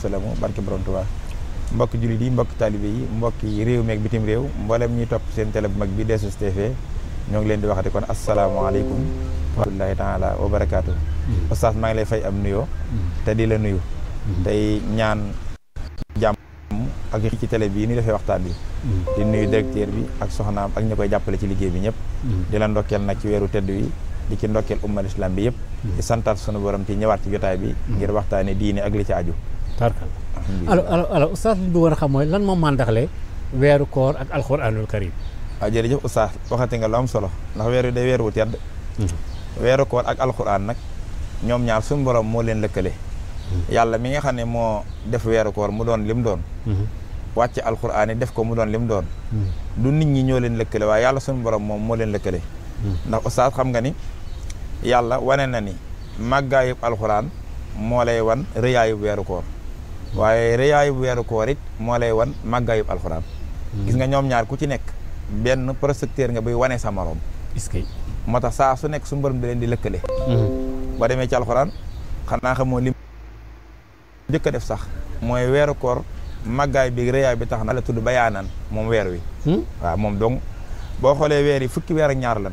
salamu barke borom Tuubaa mbokk jullit yi mbokk taalibe yi mbokk réew meeg bitim réew mboolem ñuy topp seen tele bu mag bi Desus TV ñoo ngi leen di waxati kon asalaamaaleykum wa rahmatullahi taala wa barakaatu oustaz maa ngi fay am nuyoo te di la nuyu tey ñaan jàmm ak ci télé bii ñu defee waxtaan bi di nuyu directeur bi ak soxnaam ak ñu koy jàppale ci liggéey bi ñëpp di la ndokkeel nag ci weeru tedd wi di ci ndokkeel ummal islam bi yëpp di santaat sunu borom ci ñëwaat ci jotaay bi ngir waxtaane diine ak li ci aju tarkal alors alors alors oustaz li ñu war a xam mooy lan moom màndaxle weeru koor ak alxuraanul karim waaw ah, jërëjëf oustaz waxati nga lu am solo ndax weer wi day weer wu tedd mhm. weeru koor ak alxuraan nag ñoom ñaar suñu borom moo leen lëkkale mhm. yàlla mi nga xam ne moo def weeru koor mu doon lim doon mhm. wàcc alxuraan yi def ko mu doon lim doon du nit ñi ñoo leen lëkkale waaye yàlla suñu borom moom moo leen lëkkale ndax oustaz xam nga ni yàlla wane na ni màggaayub alxuraan moo lay wan rëyaayub weeru koor waaye réyaayu weeru koor it moo lay wan màggaayub alxuraan. Hmm. gis nga ñoom ñaar ku ci nekk benn projecteur nga bay wane sa morom. moo tax saa su nekk su mbërëm di leen di lëkkale. Hmm. ba demee ci alxuraan xanaa xamoo lim. jëkk def sax mooy weeru koor màggaay bi réyaay bi tax na la tudd bayaanan moom weer wi. Hmm? moom donc boo xoolee weer yi fukki weer ñaar lan.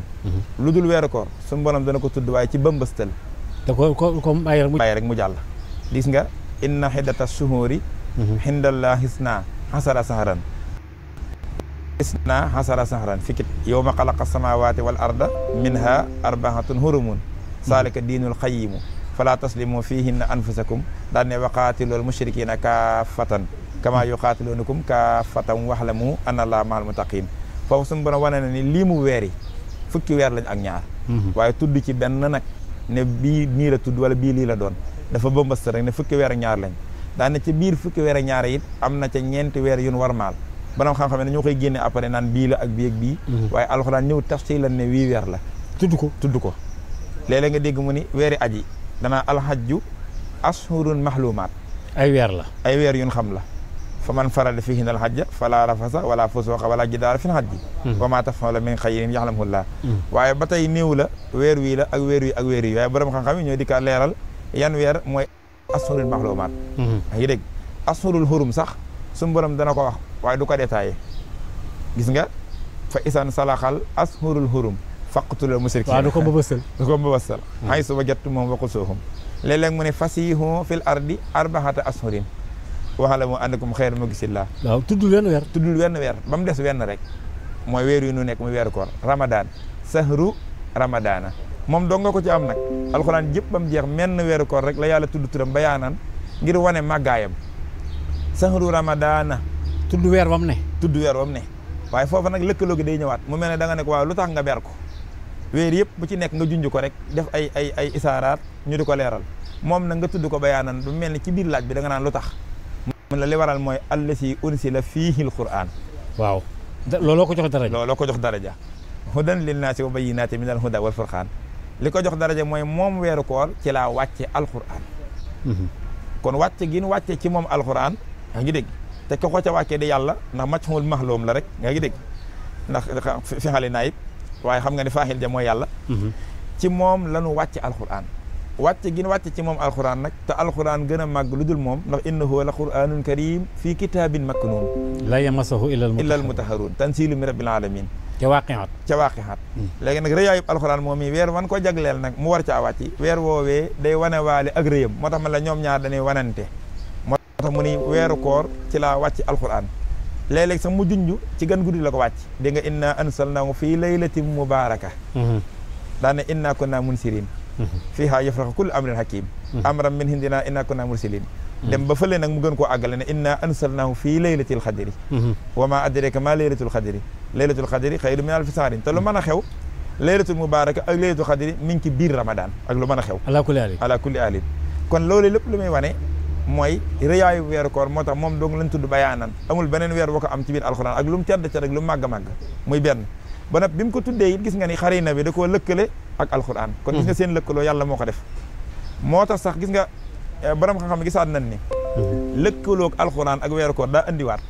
lu dul weeru koor su mbërëm dana ko tudd waaye ci bëmbëstal. te ko comme bàyyi rek mu jàll gis nga. inna hiddata shuhuri hindallah hisna hasara saharan hisna hasara saharan fikit yawma khalaqa samawati wal arda minha arbahatun hurumun salika dinul qayyimu fala taslimu fihinna anfusakum daanne waqaatilul mushrikina kaafatan kama yuqaatilunakum kaafatan waxlamu anna allaha ma'al muttaqin foofu suñu borom wane na ni lii mu weeri fukki weer lañ ak ñaar waaye tudd ci benn nag ne bii nii la tudd wala bii lii la doon dafa bomba rek ne fukki wera ñaar lañ daane ci biir fukki weer ñaar it amna ci ñent ñeenti yu yun war maal banaam xam-xam ne ñu koy génne après nan bi la ak bi ak bi mhm. waye alxuraan ñew tax ne wii weer la tuddu ko tuddu ko léeg nga dégg mu ni weeri aji dana alhajju ashurun mahlumat ay weer la ay yun xam la Faman farada fihi al hajja fala rafasa wala fusuqa wala jidar fi l hajji mhm. wa ma tafala min khayrin yaxlamullaa allah mhm. waye batay néew la weer la ak wer wi ak wer wi waye borom xam-xam ñoy di yan weer mooy asxurul maxlumaat mhm. a ngi dégg asxurul sax suñu borom dana ko wax waaye du ko détaillé gis nga fa isan salaxal asxurul xurum faqtulul musrikin waaw du ko mbëbësal du ko mbëbësal mhm. ay suba jett moom waqul suufum léeg-léeg mu ne fasiihu fil ardi arbaxata asxurin waxala mu àndakum xeer mu gisillaa waaw tuddul wenn weer tuddul ba mu des wenn rek mooy weer yu nu nekk mu weeru koor ramadan sahru ramadana moom dong nga ko ci am nag alxuraan yëpp ba mu jeex menn weeru koor rek la yàlla tudd turam bayaanan ngir wane màggaayam sahru ramadaana tudd weer wam ne tudd weer wam ne waaye foofu nag lëkkaloo gi day ñëwaat mu ne da nga ko waaw lu tax nga ber ko weer yëpp bu ci nekk nga junj ko rek def ay ay ay isaaraat ñu di ko leeral moom nag nga tudd ko bayaanan bu mel ne ci biir laaj bi da naan lu tax mun li waral mooy allasi unsila fiihi alquran waaw looloo ko jox daraja looloo ko jox daraja hudan linnaasi wa bayyinaati min alhuda wal furqaan li ko jox daraja mooy moom weeru koor ci laa wàcce alquran mhm. kon wàcce gi nu wàcce ci moom alquran nga ngi dégg te ko ko ca wàccee di yàlla ndax machmul mahloom la rek nga ngi dégg ndax fi xali waaye xam nga ne faaxil ja mooy yàlla mhm. ci moom lanu wàcce alquran wàcce gin wàcce ci moom alxuraan nag te alxuraan gën a màgg lu dul moom ndax innahu la quraanun karim fii kitaabin maknuun la yamasahu illa al mutaharuun tanziilu min rabbil alamin ca waaqiaat ca waaqiaat hmm. léegi nag rëyaayub alxuraan moom i weer wan ko jagleel nag mu war caa wàcc weer woowe day wane waale ak rëyam moo tax ma la ñaar dañuy wanante moo tax mu ni weeru koor ci laa wàcc alxuraan léeg-léeg sax mu junj ci gan guddi la ko wàcc dégg nga inna ansalnaahu fii laylatin mubaaraka ko hmm. inna kunna munsiriin فيها يفرق كل امر حكيم امرا من هندنا انا كنا مرسلين دم بفل نك نعم مغن كو اغال انا انسلناه في ليله القدر وما ادريك ما ليله القدر ليله القدر خير من الف سنه تلو ما نخيو ليله المباركه اك ليله القدر منك بير رمضان اك لو ما نخيو على كل حال على كل حال كون لولي لب لمي واني موي رياي وير كور موتا موم دوغ لن تود بيانان امول بنين وير وكو ام تي بير القران اك لوم تيد تي رك لوم ماغ ماغ موي بن ba nak bim ko tuddee it gis nga ni xarina bi da koo ak alquran kon gis nga hmm. seen lëkkaloo yalla moko def motax sax gis nga eh, borom xam-xam gisaat nan ni hmm. ak alquran ak ko da andi wat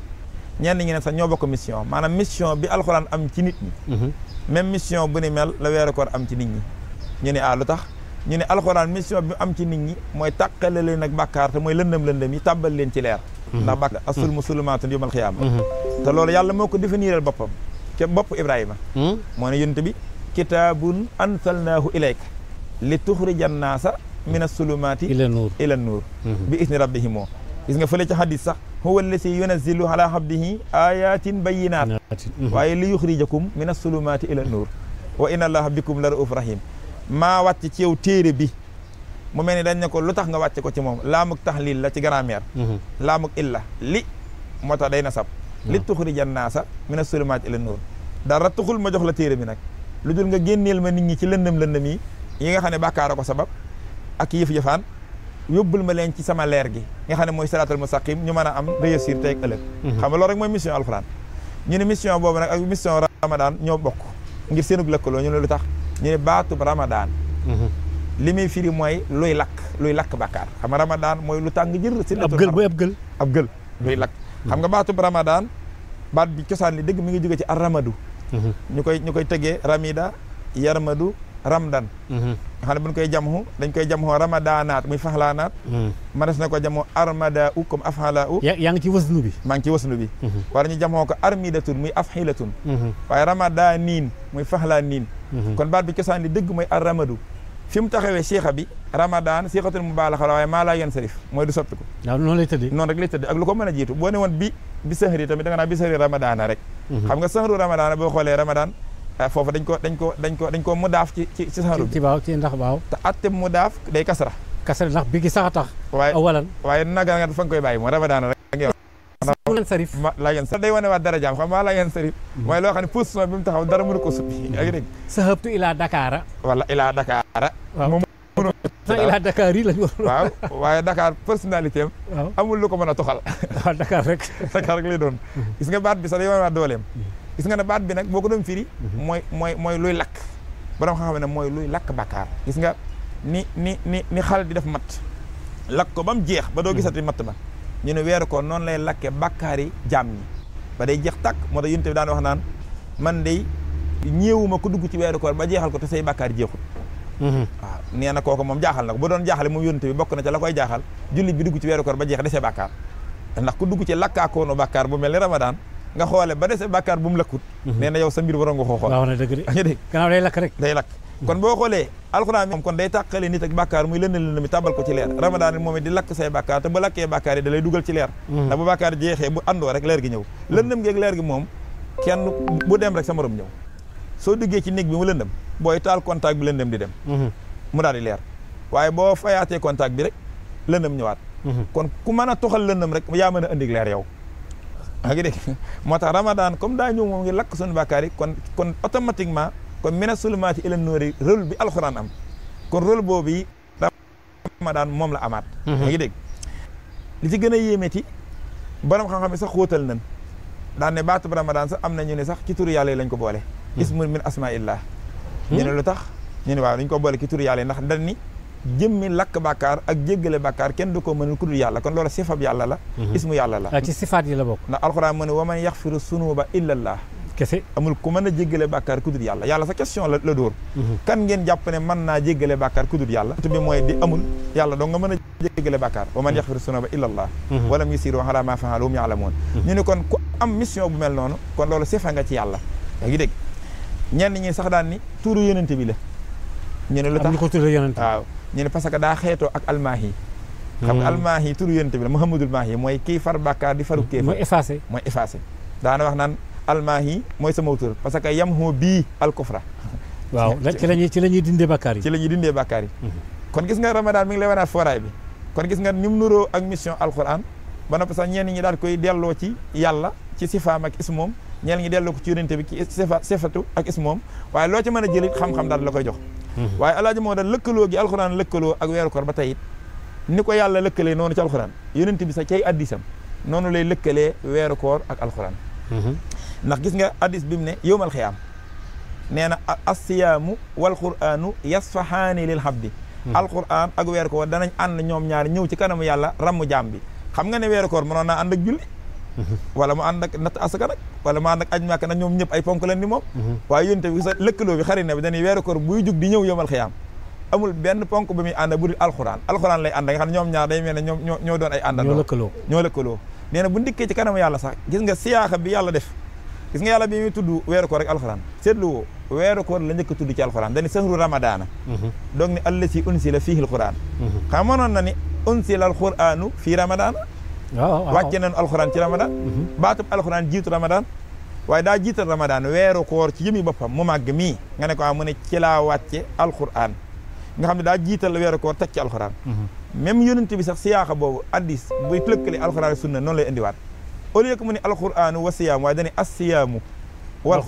ñenn ñi ne sax ñoo bokk mission manam mission bi alquran am ci nit ñi hmm. même mission bu ni mel la weeru ko am ci nit ñi ñu ni a ah, lutax ñu ni alquran mission bi am ci nit ñi moy tàqale leen ak bakkar te moy lëndëm lëndëm yi tabal leen ci leer ndax bak asul muslimatun yawmal qiyamah te lolu yalla moko définiral ca bopp Ibrahima. Hmm? moo ne yonent bi kitaabun ansalnaahu ilayka li tuxrija naasa min assulumaati ila nuur ila nuur hmm. bi isni rabbihim moo gis nga fële ca xadis sax huwa alladi yunazilu ala abdihi ayatin bayinaat hmm. waaye li yuxrijakum min assulumaati ila nuur wa inna allaha bikum la rauf rahim maa wàcc ci yow téere bi mu mel ni dañ ne ko lu tax nga wàcce ko ci moom laamuk taxlil la ci grammaire laamuk illa li moo tax day na sab li tuxrija naasa mina sulumaati ila nuur dara tuxul ma jox la téere bi nag lu dul nga génneel ma nit ñi ci lëndëm lëndëm yi yi nga xam ne bàkkaar a ko sabab ak yëf-yëfaan yóbbul ma leen ci sama leer gi nga xam ne mooy siraatal mustaqim ñu man a am réussir tey ak ëllëg mhm. xam nga loolu rek mooy mission alxuraan ñu ne mission boobu nag ak mission ramadan ñoo bokk ngir seenug lëkkaloo ñu ne lu tax ñu ne baatub ramadan mhm. li muy firi mooy luy lakk luy lakk bàkkaar xam nga ramadan mooy lu tàng jër si ab gël ab gël luy lakk xam nga baatub ramadan baat bi cosaan li dëgg mi ngi jóge ci arramadu mhm. ñu koy ñu koy tegee ramida yarmadu ramdan mhm. xam ne buñ koy jamhu dañ koy jamhu ramadanaat muy faxlaanaat mhm. manes na ko jamhu armada u comme afxala u yaa ngi ci wasnu bi maa ngi ci wasnu bi wala ñu jamhoo ko armidatun muy afxilatun waaye ramadaniin muy faxlaaniin kon baat bi cosaan li dëgg mooy arramadu fi mu taxawee cheikha bi ramadan siqatul mubalaxa la waaye maa laa yan sarif mooy du soppiku noonu lay tëddee noonu rek lay ak lu ko a jiitu boo ne woon bi bi tamit da nga naa bi sahri ramadana rek mhm. xam nga sahru ramadana boo ah, ko dañ ko dañ ko dañ ko mu daaf ci ci ci sahru bi ci baaw ci ndax baaw te atte mu daaf day kasra kasra ndax bi gi sax a tax waaye awalan waaye naga nga fa nga koy bàyyi moom ramadana rek nga sarif laa yan sarif day wane waa darajaam xam maa laa yan sarif mhm. mooy loo xam ne position bi mu taxaw ilaa Dakar yi lañ war waaye dakaar personnalité amul lu ko mën a toxal waaw Dakar rek Dakar rek lay doon mhm. gis nga baat bi sa day wane waat dooleem mhm. gis nga ne baat bi nag boo ko doon firi mhm. mooy mooy mooy luy lakk borom xam-xam ne mooy luy lakk bàkkaar gis nga ni ni ni ni xal di def matt lakk ko ba jeex ba doo gisati matt ba ñu ne weeru ko noonu lay lakke bàkkaar yi jaam ñi day jeex tàkk moo tax yunte bi daan wax naan man day ñeewuma ko dugg ci weeru koor ba jeexal ko te say bàkkaar jeexut waaw nee na kooku moom jaaxal na ko bu doon jaaxale moom yónent bi bokk na ca la koy jaaxal jullit bi dugg ci weeru koor ba jeex desee bàkkaar ndax ku dugg ci nga xoole ba dese bàkkaar bu mu lakkut mhm. nee na yow sa mbir waroon nga koo xool waaw dëgg de dégg day lakk rek kon boo xoolee alxuraan moom kon day tàqale nit ak bàkkaar muy lëndal ko ci leer ramadan i moom it di lakk say bàkkaar te ba lakkee bàkkaar yi da lay dugal ci leer mhm. ndax bu bàkkaar jeexee bu àndoo rek leer gi ñëw lëndëm gi ak leer gi moom kenn bu dem rek sa morom ñëw soo duggee ci néeg bi mu lëndëm booy taal contact bi lëndëm di dem mhm. mu daal di leer waaye boo fayaatee contact bi rek lëndëm ñëwaat mhm. kon ku mën a toxal lëndëm rek yaa mën a indi leer yow maa ngi dégg moo tax ramadan comme daa ñëw moom ngi lakk suñu bàkkaar yi kon kon automatiquement kon mina sulumaati ila nuuri rôle bi alxuraan am kon rôle boobu yi ramadan moom la amaat maa mhm. ngi dégg li gën a yéeme ci borom xam-xam yi sax xóotal nañ daan ne baatu ramadan sax am na ñu ne sax ci turu yàlla yi lañ ko boole ismun min ñene ne lu tax ñu waaw dañ ko bolé ki turu yàlla ndax dañ ni jëmmé lak bakkar ak jéggelé bakkar kèn du ko mënul ku yàlla kon loolu sifab yàlla la ismu yàlla la ci sifat yi la bok na alquran mu ne wa man yaxfiru sunuba illallah kese amul ku mëna jéggelé bakkar bàkkaar yàlla yàlla sa question la dóor kan ngeen jàpp ne man na jéggelé bakkar ku yàlla tu bi moy di amul yàlla do nga mëna jéggelé bakkar bàkkaar wa man yaxfiru sunuba illallah walam yusiru ala ma faalu ya'lamun ñu ne kon ku am mission bu mel noonu kon loolu sifa nga ci yàlla yaa ngi dégg ñenn ñi sax daan ni tuuru yonent bi la. ñu ne lu tax ko tuuru yonent waaw ñu ne parce que daa xeetoo ak almaahi. xam nga hmm. almaahi tuuru yonent bi la Muhammadul Maahi mooy kii far bàkkaar di faru kéef. mooy effacé mooy effacé. daana wax naan almaahi mooy sama tur parce que yam hoo bii alkufra. waaw ci la ci la ñuy dindee bàkkaar yi. ci la ñuy dindee bàkkaar hmm. kon gis nga Ramadan mi ngi lay wanaat fooraay bi. kon gis nga ni mu nuroo ak mission alquran ba noppi sax ñenn ñi daal koy delloo ci yàlla ci sifaam ak ismoom ñeel ñi delloo ko ci yonente bi ci sifa sifatu ak ismoom waaye loo ci mën a jëlit xam-xam daal la koy jox mm-hmm. waaye alaaji moo daal lëkkaloo gi alxuraan lëkkaloo ak weeru koor ba tey ni ko yàlla lëkkalee noonu ci alxuraan yonente bi sa cay addisam noonu lay lëkkalee weeru koor ak alxuraan mm-hmm. ndax gis nga addis bi mu ne yowmal xiyaam nee na assiyaamu wal quraanu yasfahaani lil habdi mm-hmm. alxuraan ak weeru koor danañ ànd ñoom ñaari ñëw ci kanamu yàlla ramu jaam bi xam nga ne weeru koor mënoon naa ànd ak julli wala mu ànd ak natt asaka nag wala mu ànd ñoom ñëpp ay ponk leen moom mhm. waaye yénte bi sa lëkkaloo bi xarit ne bi dañuy weeru koor buy jug di ñëw yëmal xiyaam amul benn ponk bu muy ànda bu dul alxuraan alxuraan lay ànda nga ñoom ñaar day mel ñoo doon ay ànda ñoo lëkkaloo nee bu ndikkee ci kanamu yàlla sax gis nga bi yàlla def gis nga bi muy tudd weeru koor rek alxuraan seetlu woo koor la njëkk tudd ci alxuraan wacce nan alquran ci ramadan mhm. Al alquran jitu ramadan way da jitu ramadan weeru koor ci yimi bopam mu mag mi nga ne ko ah, mu ne ci la wacce alquran nga xam da jital jiital weeru koor teg ci alquran mhm. même yonent bi sax siyaaxa bobu hadis bu lëkkale alquran sunna non lay wat au lieu que mu ne wa siyam waaye dani asiyam wal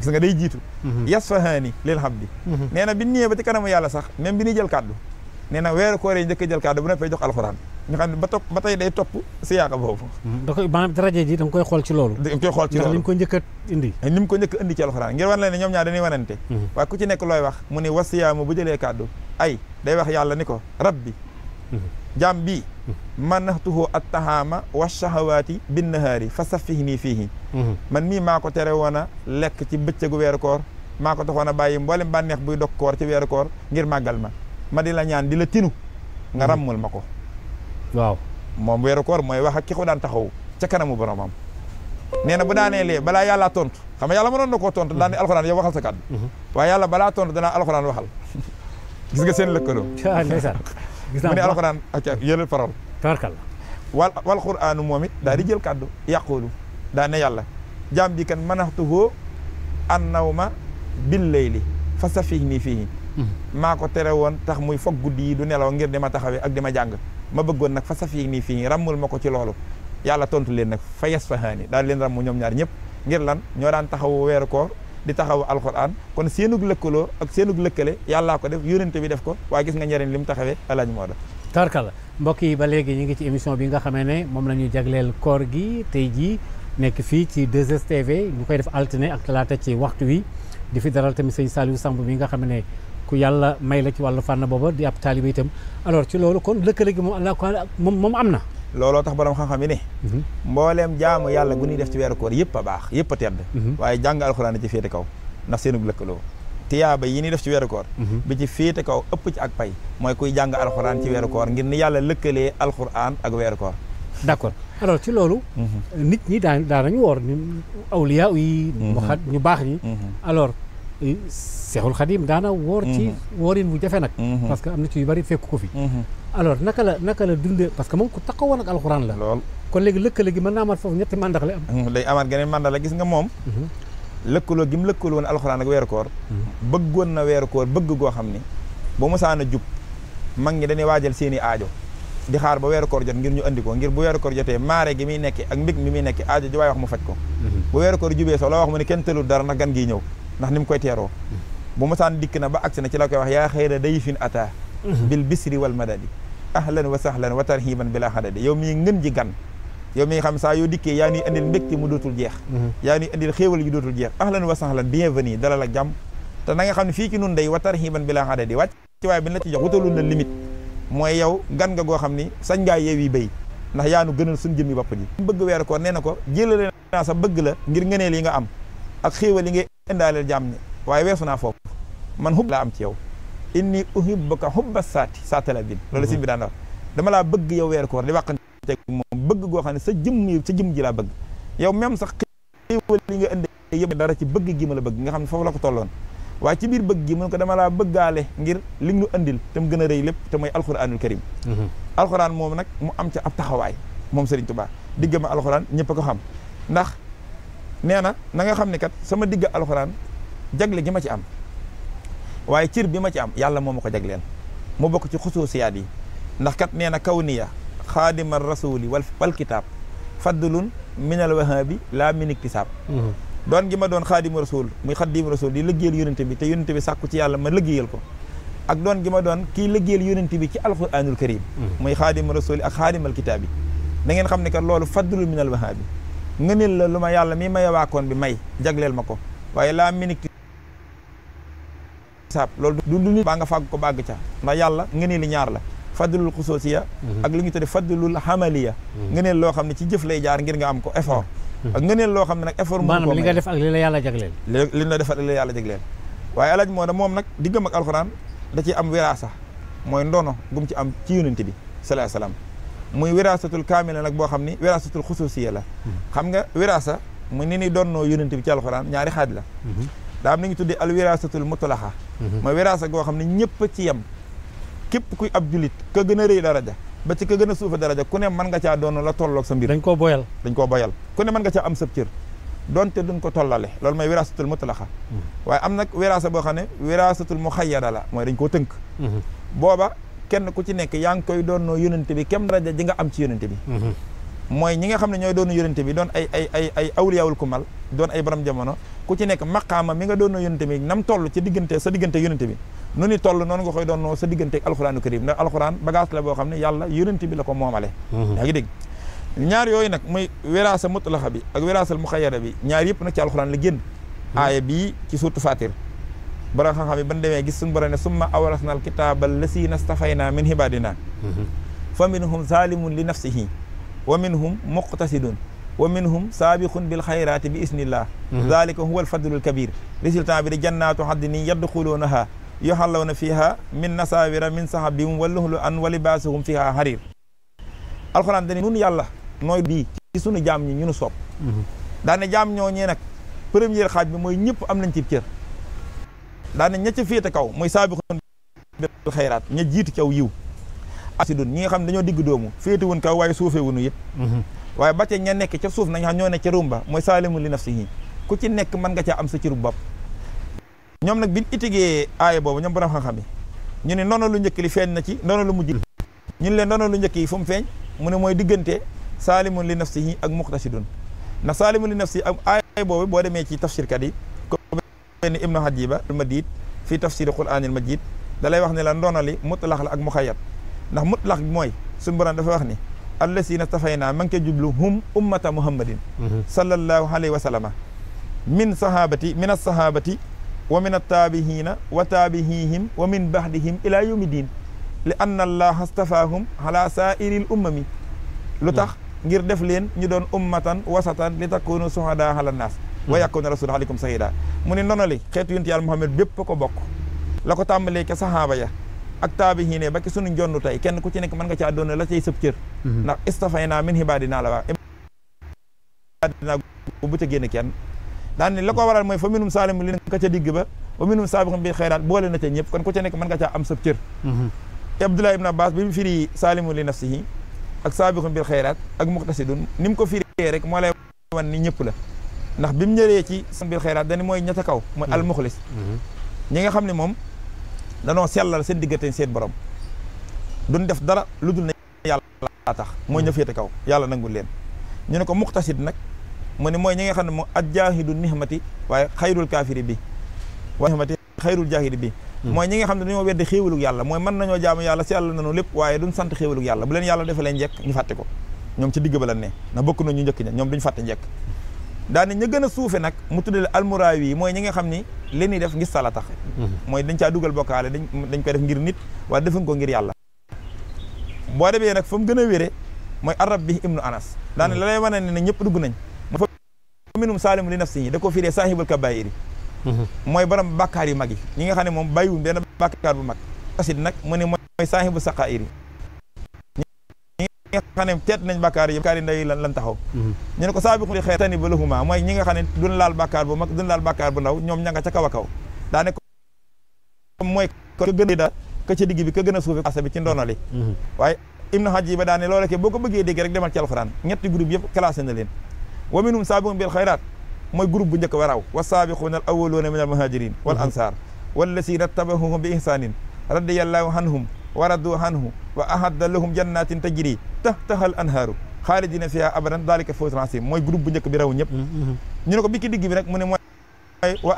gis nga day jitu mhm. yasfahani lil hamdi neena bi ba ci kanamu yalla sax même bi ni jël kaddu nee na weeru koor yi njëkk a jël kàddu bu noppee jox alxuraan ñu xam ne ba topp ba tey day topp si yaaka boobu mm-hmm. da koy maanaam rajo ji da nga koy xool ci loolu da nga koy xool ci loolu ni mu ko njëkk a indi ni eh, mu ko njëkk a indi ci alxuraan ngir wan ne ñoom ñaar dañuy wanante mm-hmm. waaye ku ci nekk wax mu ne wasiyaamu bu jëlee kàddu ay day wax yàlla ni ko rabbi mm-hmm. jaam bii manaxtuhu at tahaama wa shahawaati bin nahaari fa safihi nii fiihi man mii maa ko tere woon lekk ci bëccëgu weeru koor maa ko taxoon a bàyyi mboolem bànneex buy dog koor ci weeru koor ngir màggal ma ma di la ñaan di la tinu nga mm-hmm. ramul mako waaw mom wéru koor moy wax ak kiko daan taxaw ca kanamu boromam neena bu daane le bala yalla tontu xam nga yàlla mënoon tontu daan waxal sa mm-hmm. wa yalla bala tontu alcorane waxal gis nga seen lekkelo ak wal wal Quran momit da di jël kaddu yaqulu da ne yalla jaam bi kan manahtuhu annawma bil layli fasafihni fihi maa ko tere woon tax muy foog guddi yi du nelaw ngir di ma taxawee ak di ma jàng ma bëggoon nag fa safi nii fii ràmmul ma ko ci loolu yàlla tontu leen nag fa yasfahaani daal leen ràmmu ñoom ñaar ñëpp ngir lan ñoo daan taxawu weeru koor di taxawu alquran kon seenug lëkkaloo ak seenug lëkkale yàllaa ko def yónente bi def ko waa gis nga njëriñ li mu taxawee alaaj moo da tarkala mbokk yi ba léegi ñu ngi ci émission bi nga xamee ne moom la ñu jagleel koor gi tey jii nekk fii ci 2STV ñu koy def altine ak talaata ci waxtu wi di fi daral tamit sëñ Saliou Samb bi nga xam ne ku yàlla may la ci wàllu fànn booba di ab taalibe itam alors ci loolu kon lëkkale gi moom allah moom moom am na looloo tax borom xam-xam yi ne mhm. mbooleem jaamu yàlla gu ñuy def ci weeru koor yëpp a baax yëpp a tedd mhm. waaye jàng alxuraan ci féete kaw ndax seenug lëkkaloo tiyaaba yi ñuy def ci weeru koor mhm. bi ci féete kaw ëpp ci ak pay mooy kuy jàng alxuraan ci weeru koor ngir ni yàlla lëkkalee alxuraan ak weeru koor d'accord alors ci loolu nit ñi daan daanañu woor awliya yi mu ñu baax seexul xadim daana woor ci mhm. woorin bu jafe nag mhm. parce que am na ci yu fekk ko fi mhm. alors naka la naka la dundee parce que moom ku taxawoon ak alxuraan la lool kon léegi lëkkale gi mën naa amaat foofu ñetti mandax la am day amaat geneen mandax la gis nga moom lëkkaloo gi mu lëkkaloo woon alxuraan ak weeru bëgg bëggoon na weeru koor bëgg goo xam ni ba mosaan a jub mag ñi dañuy waajal seen i aajo di xaar ba weeru koor jot ngir ñu andi ko ngir bu weeru koor jotee maare gi muy nekke ak mbig mi muy ko bu weeru koor jubee soo la wax mu ne dara ndax gan gi ñëw ndax nim koy téro bu masaan dik na ba ak na ci la koy wax ya khayra dayfin ata bil bisri wal madadi ahlan wa sahlan wa tarhiban bila hadadi yow mi ngeen ji gan yow mi xam sa yoo yani ya ni andil mbekti mu dotul jeex ya ni andil xewal yu dotul jeex ahlan wa sahlan bienvenue dalal ak jam te na nga xam fi ci nun day wa tarhiban bila hadadi wacc ci way bi la ci jox wutalul na limite moy yow gan nga go xamni sañ nga yewi yi ndax yaanu gënal suñ jëmmi bop ji bëgg wër ko jëlale sa bëgg la ngir yi nga am ak xewal yi ngay indaaleel jàmm ñi waaye weesu naa foofu man xub la am ci yow inni uhibbuka hubba saati saatala bin loolu sin bi daan wax dama laa bëgg yow weer koor di wàqanteeg moom bëgg goo xam ne sa jëmm sa jëmm ji laa bëgg yow même sax xéewal li nga indi yëpp dara ci bëgg gi ma la bëgg nga xam ne foofu la ko tolloon waaye ci biir bëgg gi mun ko dama laa bëggaale ngir li nga nu andil te mu gën a rëy lépp te mooy alxuraanul karim mhm. alxuraan moom nag mu am ci ab taxawaay moom Serigne Touba digg ma alxuraan ñëpp a ko xam ndax nee na na nga xam ne kat sama digg alxuraan jagle gi ma ci am waaye cir bi ma ci am yàlla moo ma ko jagleel mu bokk ci xusuusiyaat yi ndax kat nee na kawniya xaadima rasuli wal wal kitaab faddulun min al wahabi laa min iktisaab mhm. doon gi ma doon xaadima rasul muy xaadimu rasul di liggéeyal yonente bi te yonente bi sàkku ci yàlla ma liggéeyal ko ak doon gi ma doon kii liggéeyal yonente bi ci alquranul karim mhm. muy xaadima rasul ak xaadimal kitaab yi da ngeen xam ne kat loolu faddulun min al wahabi ngëneel la lu ma yàlla mi maye waakoon bi may jagleel ma ko waaye laa miniti saab loolu du du nit baa nga fàgg ko bàgg ca ndax yàlla ngëneel li ñaar la faddulul xusoosiya mhm. ak li ñu tuddee faddulul xamaliya mhm. ngëneel loo xam ne ci jëf lay jaar ngir nga am ko effort mhm. ak ngëneel loo xam ne nag effort maanaam li nga def ak li la yàlla jagleel li la def ak li la yàlla jagleel waaye alaaj moo da moom nag diggam ak alxuraan da ciy am wiraasa mooy ndono gum ci am ci yonent bi salaay muy wiraasatul kaamila nag boo xam ni wiraasatul xususiya la xam nga wiraasa mu ni ni donnoo yonent bi ci alxuraan ñaari xaaj la daa am na ñu tuddee al wiraasatul mutlaxa ma wiraasa goo xam ne ñëpp ci yem képp kuy ab julit gën a rëy daraja ba ci gën a suufa daraja ku ne mën nga caa doon la tolloog sa dañ koo boyal dañ koo boyal ku ne mën nga caa am sab cër donte duñ ko tollale loolu mooy wiraasatul mutlaxa hmm. waaye am nag wiraasa boo xam ne wiraasatul muxayyada la mooy dañ koo tënk hmm. booba kenn ku ci nekk yaa ngi koy doon noo yonente bi kem daraja ji nga am ci yonente bi mhm. mooy ñi nga xam ne ñooy doon yonente bi doon ay ay ay ay awliyaawul doon ay borom jamono ku ci nekk maqaama mi nga doon doonoo yonente bi nam toll ci diggante sa diggante yonente bi nu ni toll noonu nga koy doonoo sa diggante ak alxuraanu karim ndax alxuraan bagage la boo xam ne yàlla yonente bi la ko moomale mhm. yaa ngi dégg ñaar yooyu nag muy wiraasa mutlaxa bi ak wiraasal muxayyada bi ñaar yëpp nag ci alxuraan la génn mhm. aaya bii ci suurtu Faatir borom xam-xam yi ban demee gis suñu borom ne summa awrasna al kitaaba lasina stafayna min ibadina fa minhum zalimun li nafsihi wa minhum muqtasidun wa minhum saabiqun bil xayraati bi isnillah dalika huwa al fadlul kabir résultat bi di jannaatu xaddini yadxuluunaha fiha min nasaawira min sahabim wa luhlu an wa fiha harir alxuraan dani nun yàlla nooy bii ci sunu jaam ñi ñunu soob daane jaam ñoo ñee nag première xaaj bi mooy ñëpp am nañ cib cër daane ña ca féete kaw muy saabixoon bil xayraat ña jiitu caw yiw asidun ñi nga xam ne dañoo digg doomu féete wun kaw waaye suufee wunu it mhm. waaye ba ca ña nekk ca suuf nañ xam ñoo ne ca rumba mooy saalimu li nafsihi ku ci nekk mën nga caa am sa cërub bopp ñoom nag biñ itigee aaya boobu ñoom borom xam-xam ñu ne noonu lu njëkk li feeñ na ci noonu lu mujj li ñu ne leen noonu lu njëkk yi fu mu feeñ mu ne mooy diggante saalimun li nafsihi ak muqtasidun ndax saalimun li nafsihi ak aaya boobu boo demee ci tafsirkat yi تاني ابن حجيبة المديد في تفسير القرآن المجيد دا لاي واخني لا نونالي مطلق لا مخيط نخ مطلق موي سون بران دا واخني الذين استفينا من كجبلهم أمة محمد صلى الله عليه وسلم من صحابتي من الصحابة ومن التابعين وتابعيهم ومن بعدهم إلى يوم الدين لأن الله استفاهم على سائر الأممي لتخ غير أمة وسطا لتكون شهداء على الناس wa yakuna rasul aleykum sahida mu ne ndono li xeetu yonent yàlla Muhammad bépp ko bokk la ko tàmbalee ca sahaaba ya ak taabihiin ba ci sunu jonnu tey kenn ku ci nekk mën nga caa doon la cay sëb cër mhm. ndax istafaynaa min ibaadinaa la wax ibaadinaa bu ca génn kenn daan la ko waral mooy fa minum saalim li ka ca digg ba wa minum saabiqun bil xayraat boole na ca ñëpp kon ku ca nekk mën nga caa am sëb cër mhm. Abdullah ibn bi mu firi saalimu li nafsihi ak saabiqun bil xayraat ak muqtasidun ni mu ko firi rek moo lay wan ni ñëpp la ndax bi mu ñëree ci san bil dani dañu mooy ñett kaw mooy mm-hmm. al muxlis mm-hmm. ñi nga xam ne moom danoo sellal seen diggante seen borom duñ def dara lu dul na yàlla tax mooy ña mm-hmm. féete kaw yàlla nangul leen ñu ne ko muqtasid nag mu ne mooy ñi nga xam ne moom ak jaahidu nihmati waaye xayrul kaafiri bi waaye nihmati xayrul jaahidi bi mooy ñi nga xam ne dañoo weddi xéewalug yàlla mooy mën nañoo jaamu yàlla sellal nañu lépp waaye duñ sant xéewalug yàlla bu leen yàlla defalee njekk ñu fàtte ko ñoom ci digg ba la ne na bokk na ñu njëkk ña ñoom duñ fàtte njekk daane ña gën a suufe nag mu tuddale almuraawi yi mooy ñi nga xam ni li ñuy def ngir sala tax mhm. mooy dañ caa dugal bokkaale dañ dañ koy def ngir nit waa defuñ ko ngir yàlla boo demee nag fa mu gën a wére mooy arab bi ibnu anas daane mhm. la lay wane ne ne ñëpp dugg nañ fa minum saalimu li nafsihi da ko firee saahibul kabaayiri mhm. mooy borom bàkkaar yu mag yi ñi nga xam ne moom wu benn bàkkaar bu mag asid nag mu ne mooy saahibu saqaayiri nga mm-hmm. ba lahuma mooy ñi a kaw daa ka gën a ka ci bi ka gën a suufi asa bi ci ndonali mm-hmm. waaye ibnu hajj yi ba daa ne loola ke boo ko bëggee dégg rek demal ci alxuraan ñetti groupe yëpp classé na leen wa minhum saabiqun bil mooy groupe bu njëkk waraaw wa saabiquuna al awwaluuna min al muhajirin wal mm-hmm. ansaar wallazina tabahuhum bi ihsaanin radiyallahu anhum wa radu anhu wa ahadda lahum jannatin tajri tahtahal anharu khalidina fiha abadan dalika fawzul azim moy groupe bu njëkk bi raw di mm-hmm. ñu ne ko bi ki digg bi rek mu ne moy wa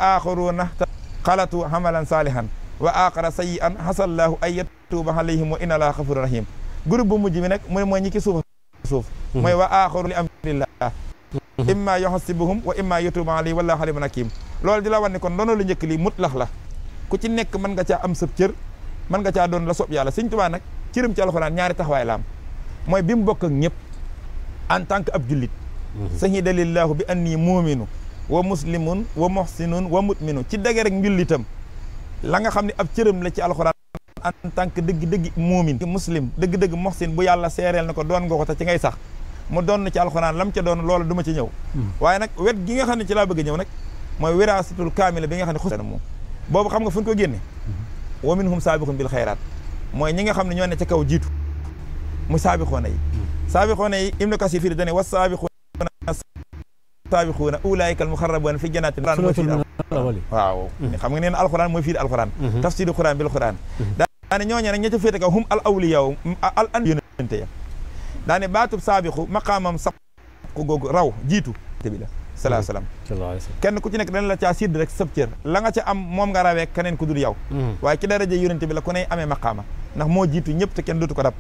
hamalan salihan, wa akhara sayi hasallahu ayyatu bi alayhim wa inna laa khafur rahim groupe bu mujj bi nak mu ne mooy suuf suuf moy mm-hmm. wa axaru li amrillah mm-hmm. imma yuhasibuhum wa imma yutubu alayhi wallahu alimun hakim lol di la wan kon nono lu njëkk li mutlakh la ku ci nek man nga ca am sepp cër man nga ca don la sopp yalla seigne touba nak ci alcorane ñaari taxway la am mooy bi mu bokk ak ñëpp en tant que ab jullit mhm. sahidalillahu bi annii muuminu wa muslimun wa muhsinun wa mutminu ci dege rek njullitam la nga xam ni ab cëram la ci alxuraan en tant que dëgg-dëgg muumin muslim dëgg-dëgg muhsin bu yàlla seereel na ko doon nga ko te ci ngay sax mu doon na ci alxuraan lam ca doon loolu du ci ñëw mhm. waaye nag wet gi nga xam ne ci laa bëgg ñëw nag mooy wiraasatul kaamila bi nga xam ne xusana moom boobu xam nga fu ñu ko génne mhm. wa minhum saabiqun bil xayraat mooy ñi nga xam ne ñoo ne ca kaw jiitu mu saabixoona yi saabixoona yi ibnu kasir firi dane wa saabixoona saabixoona ulaayika al muxarrabuuna fi jannaati moo firi waaw xam nga nee na alquran mooy firi alquran mhm. tafsiru quran bil quran mhm. daane ñooñe nag ña ca féete kaw hum al awliyaa al an yonente ya daane baatub saabixu maqaamam saq googu raw jiitu bi la salaa salaam mhm. kenn ku ci nekk dana la caa sidd rek sëb cër la nga ca am moom nga rawee keneen ku dul yow waaye ci daraja yonente bi la ku ne amee ndax moo jiitu ñëpp te kenn dootu ko dab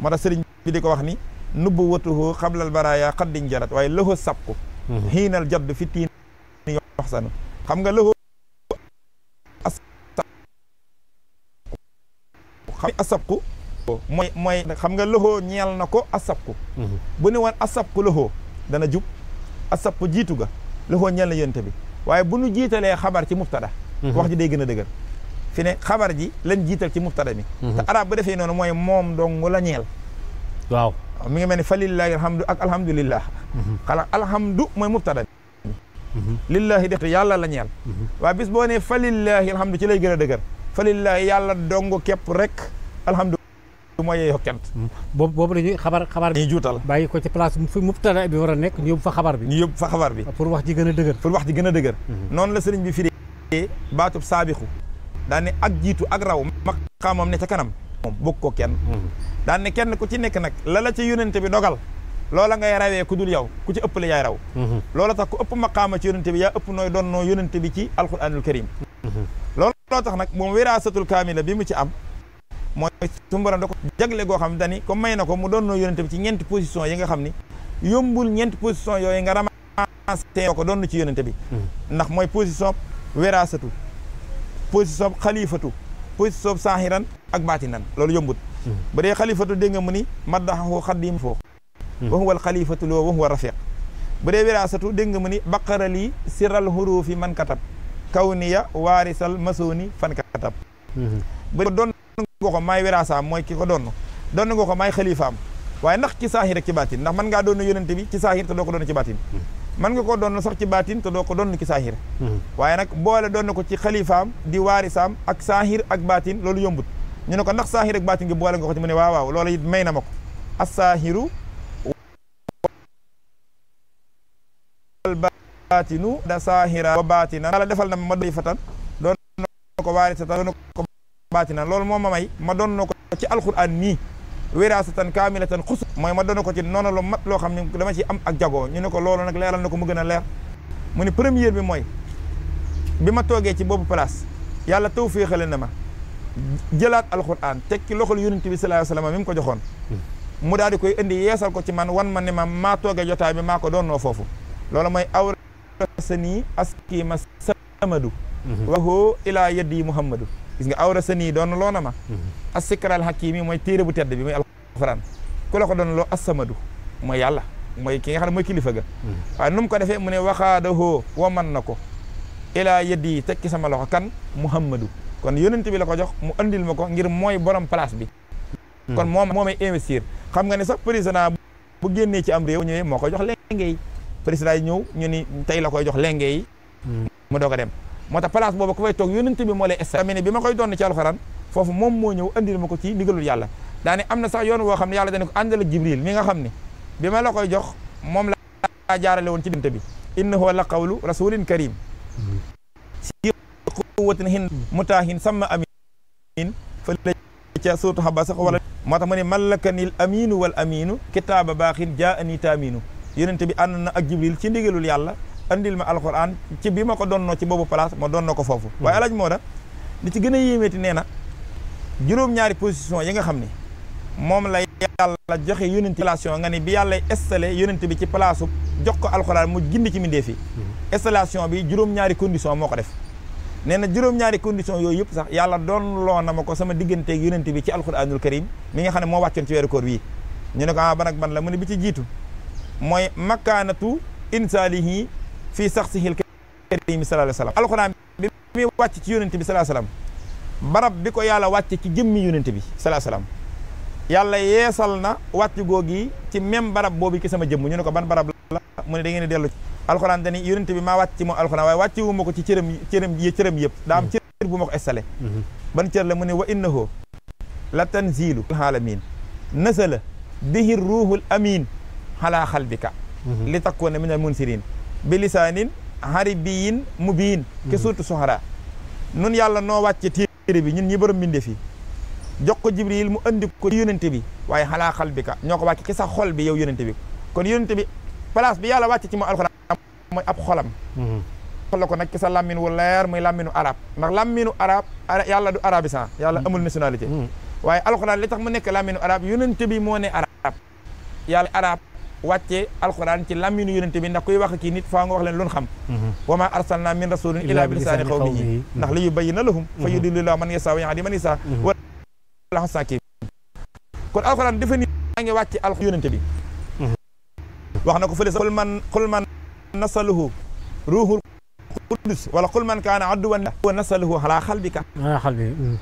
moo tax sëriñ bi di ko wax ni nubuwatuhu xablal baraaya xaddin jarat waaye lëho sabku xiinal mhm. jadd fi tiin yox xam nga lëho xam asabku mooy mooy xam nga lëhoo ñeel na ko asabku mhm. bu ne woon asabku lëhoo dana jub asabku jiitu ga lëhoo ñeel na yénte bi waaye bu nu jiitalee xabar ci mubtada mhm. wax ji de gën a dëgër fi ne xabar ji lañ jiital ci mubtada mi mhm. te arab bu defee noonu mooy moom dong la ñeel waaw mi ngi mel ni fa lillahi alhamdu ak alhamdulillah mhm. xala alhamdu mooy mubtada mi mhm. lillahi def yàlla la ñeel waaye bis boo ne fa lillahi alhamdu ci lay gën a dëgër fa lillahi yàlla dong képp rek alhamdu mooy yeeyoo kent boobu boobu dañuy xabar xabar bi ñu juutal bàyyi ko ci place fi mubtada bi war a nekk ñu yóbbu fa xabar bi ñu yóbbu fa xabar bi pour wax ji gën a dëgër pour wax ji gën a dëgër noonu la sëriñ bi firee baatub saabixu daan ne ak jiitu ak raw mag xamam ne ca kanam moom bokk ko kenn hmm. daan kenn ku ci nekk nag la la ci yónente bi dogal loola ngay rawee ku dul yow ku ci ëpp ëppale yaay raw hmm. loola tax ku ëpp maqaama ci yónente bi yaa ëpp nooy doon noo yónente bi ci alquranul karim hmm. loolu loo tax nag moom wiraasatul kaamila bi mu ci am mooy sumbaram da ko jagle goo xam dani comme may na ko mu doon noo yónente bi ci ñeenti position yi nga xam ni yombul ñeenti position yooyu nga ramassé ko doon ci yónente bi ndax mooy position wéraasatu position xalifatu position sahiran ak batinan lolou yombut ba dee xalifatu dégg nga muni madahu khadim fo wa huwa al xalifatu loo wa huwa rafiq ba dee wiraasatu dégg nga mu ni baqara lii siral hurufi man katab kaw ni ya waarisal fan katab ba don nga ko maay wiraasaam mooy ki don doon doon nga ko maay xalifaam waaye ndax ci sahira ci batin ndax man nga don yonente bi ci sahira te doo ko doon ci batin mën nga koo doon sax ci baatin te doo ko doon ci saahir hmm. waaye nag boole doon na ko ci xalifaam di waarisaam ak saahir ak baatin loolu yombut ñu ne ko ndax saahir ak baatin gi boole nga ko ci mu ne waaw waaw loolu it may na ma ko as saahiru wal baatinu da saahira wa baatina yàlla defal na ma doon fatan doon na ko waarisatan doon na ko baatinan loolu moo ma may ma doon na ko ci alquran nii wiraasatan kaamilatan xus mooy ma doon ko ci noonu lu mat loo xam ne ma ci am ak jagoo ko loolu nag leeral ko mu gën a leer mu ne première bi mooy bi ma toogee ci boobu place yàlla tawféexale na ma jëlaat alquran teg ci loxol yonent bi sallallahu alayhi wasallam mi mu ko joxoon mu daal di koy indi yeesal ko ci man wan ma ne ma maa toogee jotaay bi maa ko doonnoo foofu loolu mooy awrasanii askiima samadu mhm. waxoo ilaa yeddi muhammadu gis nga awra sa nii doon loona ma mhm. asikral hakim yi mooy téere bu tedd bi mooy alquran ku la ko doon loo assamadu mooy yàlla mooy ki nga xam ne mooy kilifa ga mhm. waaye nu ko defee mu ne waxaadahoo wa man na ko ilaa yëddi tekki sama loxo kan muhammadu kon yonent bi la ko jox mu andil ma ko ngir mooy borom place bi mhm. kon moom moomay investir xam nga ne sax président bu génnee ci am réew ñëwee moo ko jox lenge yi président yi ñëw ñu ni tey la koy jox lenge yi mu doog a dem motax place bobu ku fay tok yonent bi mo lay sta mel ni koy don ci alquran fofu mom mo ñëw andil mako ci digelul yàlla dani amna sax yoon wo xamni yàlla dañ ko àndal jibril mi nga xamni bima la koy jox mom la jaarale won ci dinte bi innahu la qawlu rasulin karim si quwwatin hin mutahin sama amin fa la ca sutu Haba ko wala moo mani malakani al amin wal amin kitaaba baqin ja'ani taminu yonent bi ànd ak jibril ci digelul yàlla andil ma alxuraan ci bi ma ko doon donnoo ci boobu place ma donnoo ko foofu waaye alaaj moo da li ci gën a yéemeeti nee na juróom-ñaari position yi nga xam ni moom la yàlla joxe yonent installation nga ni bi yàlla installé yonent bi ci place jox ko alxuraan mu gindi ci mindee fi mm-hmm. installation bi juróom-ñaari condition moo ko def nee na juróom-ñaari condition yooyu yëpp sax yàlla doon loo na ma ko sama digganteeg yonent bi ci alxuraanul karim mi nga xam ne moo wàccoon ci weeru koor ñu ne ko ah ban la mu ne bi ci jiitu mooy makkaanatu insaalihi fii sax si xil karim sallallahu alayhi wa sallam bi muy wàcc ci yónente bi sallallahu alayhi wa sallam barab bi ko yàlla wàcce ci jëmmi yónente bi sallallahu alayhi wa sallam yàlla yeesal na wàcc googi ci même barab boobu ci sama jëmm ñu ne ko ban barab la mu ne da ngeen di dellu alxuraan dani yónente bi maa wàcc ci moom alxuraan waaye wàcce wu ma ko ci cëram cëram cëram yëpp daa am cër bu ma ko installé mhm. ban cër la mu ne wa innahu la tanzilu alamin nasala bihi ruuhul amin ala xalbika mhm. li takkoona min al munsirin bi lisaanin mu mubiin ke mhm. suurtu soxara nun yàlla noo wàcce téere bi ñun ñi borom mbinde fi jox ko jibril mu andi ko yónente bi waaye xalaa xal bi ka ñoo ko wàcce ki sa xol bi yow yónente bi kon yónente bi place bi yàlla wàcce ci mu alxuraan mooy ab xolam mhm. xol la ko nag ki sa làmmin wu leer muy làmminu arab ndax làmminu arab yalla du arabisan yàlla mhm. amul nationalité waaye alxuraan li tax mu nekk làmminu arab yónente bi moo ne arab واتي القران تي لامينو يونتي بي نكوي واخ كي نيت فا واخ لن لون خام وما ارسلنا من رسول الى بلسان قومه نخ لي يبين لهم فيدل الله من يشاء ويهدي من يشاء والله ساكي كون القران ديفني ماغي واتي الخ يونتي بي واخ نكو فلي قل من قل من نصله روح القدس ولا قل من كان عدوا ونسله على قلبك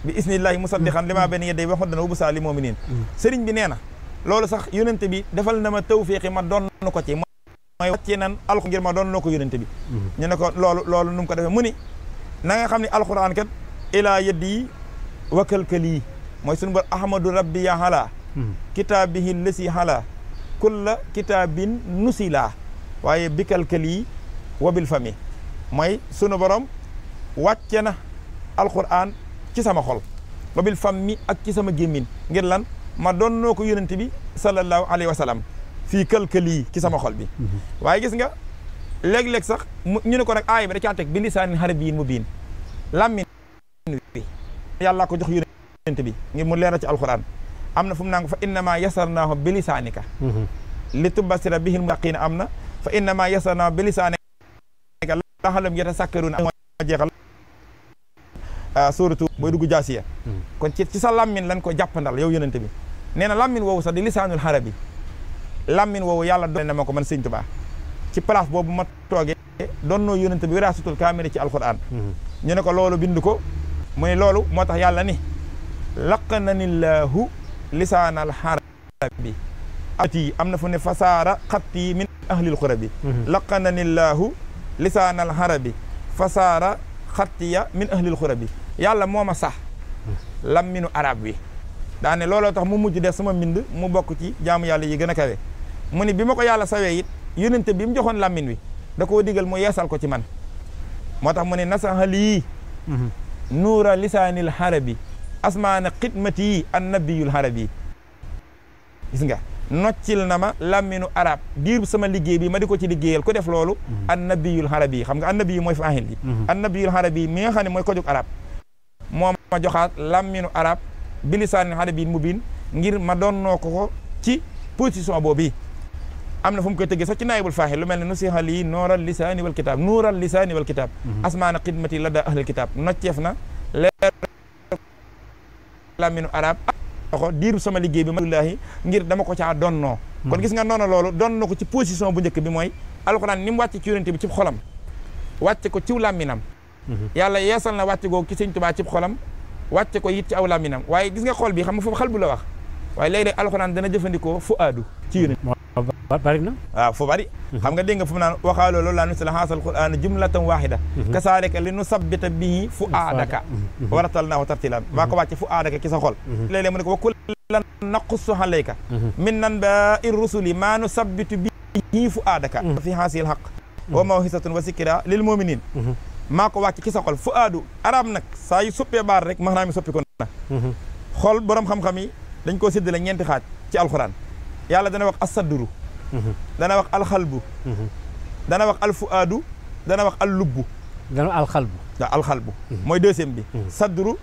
باذن الله مصدقا لما بين يدي وخدنا وبسال المؤمنين سيرن بي نينا lolu sax yonent bi defal na ma tawfiq ma don nako ci mooy wati nan alxuraan ngir ma don nako yonent bi mhm. ñu ne ko lolu loolu nu ko defé muni na nga xamni alquran kat wa kalkali moy sunu bar ahmadu rabbi ya hala mhm. kitabihi lësi hala kulla kitabin nusila waye bi kalkali wabil fami moy sunu borom wati na alquran ci sama xol wabil fami ak ci sama ngir lan ma doon noo ko yonent bi sallallahu alayhi wa sallam fii këlkëlii ci sama xol bi mhm. waaye gis nga léeg-léeg sax ñu ne ko nag aay bi da caa teg bi lisaanin xarabiyyin mubiin làmmin wi yàllaa ko jox yonent bi ngir mu leeral ci alquran am na fu mu naan ko fa innama yasarnaahu bi lisaanika mhm. li tubassira bihil muttaqiina am na fa innama yasarnaahu bi lisaanika la'allahum yatasakkaruuna moo jeexal ah, suuratu booy dugg jaasiya mhm. kon ci sa làmmin lañ ko jàppandal yow yonent bi nee na lammin woowu sax di lisaanul xarabi lammin woowu yàlla doon na man ko man sëñ Tuubaa ci place boobu ma toogee doon noo yónent bi wiraasatul kaamil ci alquran mhm. ñu ne ko loolu bind ko mu ne loolu moo tax yàlla ni laqananillahu lisaanal xarabi ati am na fu ne fasaara xatti min ahlil xurabi mhm. laqananillahu lisaanal xarabi fasaara xattiya min ahlil xurabi yàlla moo ma sax mhm. lamminu arab wi daane looloo tax mu mujj def sama mbind mu bokk ci jaamu yàlla yi gën a kawe mu ni bi ma ko yàlla sawee it yónente bi mu joxoon làmmin wi da koo digal mu yeesal ko ci man moo tax mu ne nasaxal yii mhm. nuura lisaanil xarabi asmaana xidmati yi an nabiyul xarabi gis nga noccil na ma làmminu arab diir sama liggéey bi ma di ko ci liggéeyal ku def loolu mhm. an nabiyul xarabi xam nga an nabiyu mooy faahil bi mhm. an nabiyul xarabi mi nga xam ne mooy ko jóg arab moo ma joxaat làmminu arab bi bilisaani arabiyyin mubiin ngir ma doonnoo ko ko ci position boobu am na fu mu koy tëggee sax ci naayibul faaxil lu mel ne nusiha lii nooral lisaani wal kitaab nooral lisaani wal kitaab mhm. asmaana xidmati la daa ahlal kitaab nocceef na leer laminu arab ah, sama liggéey bi malaahi ngir dama ko caa donnoo mhm. kon gis nga noonu loolu doon na ko ci position bu njëkk bi mooy alxuraan ni mu wàcc ci yonente bi ci xolam wàcc ko ciw làmminam mhm. yàlla yeesal na wàcc googu ci sëñ tubaa ci xolam wàcce ko yitti ci aw làmminam waaye gis nga xol bi xam fu xal bu la wax waye léeg-léeg alxuraan dana jëfandikoo fu adu ci yene bari na waaw fu bari xam nga deeng fu nan waxalo lo loolu laa nusila haasal qur'aan jumlatan wahida kasaalika linusabbit bi fu adaka waratalna tartilan ma ko wàcce fu adaka ci sa xol léeg-léeg mu ne ko wa kullan naqsu halayka min nan anbaa'i rusuli ma nu bi fu adaka fi hasil haq wa mawhisatun wa sikra lil mu'minin maa ko wàcc ci sa xol fu aadu arab nag saa yu suppee baar rek maanaam soppi ko na mhm. xol borom xam-xam yi dañ koo séddale ñeenti xaaj ci alxuraan yàlla dana wax asaduru mhm. dana wax alxalbu mhm. dana wax alfu aadu dana wax allubbu dana wax alxalbu waaw alxalbu mooy deuxième bi sadduru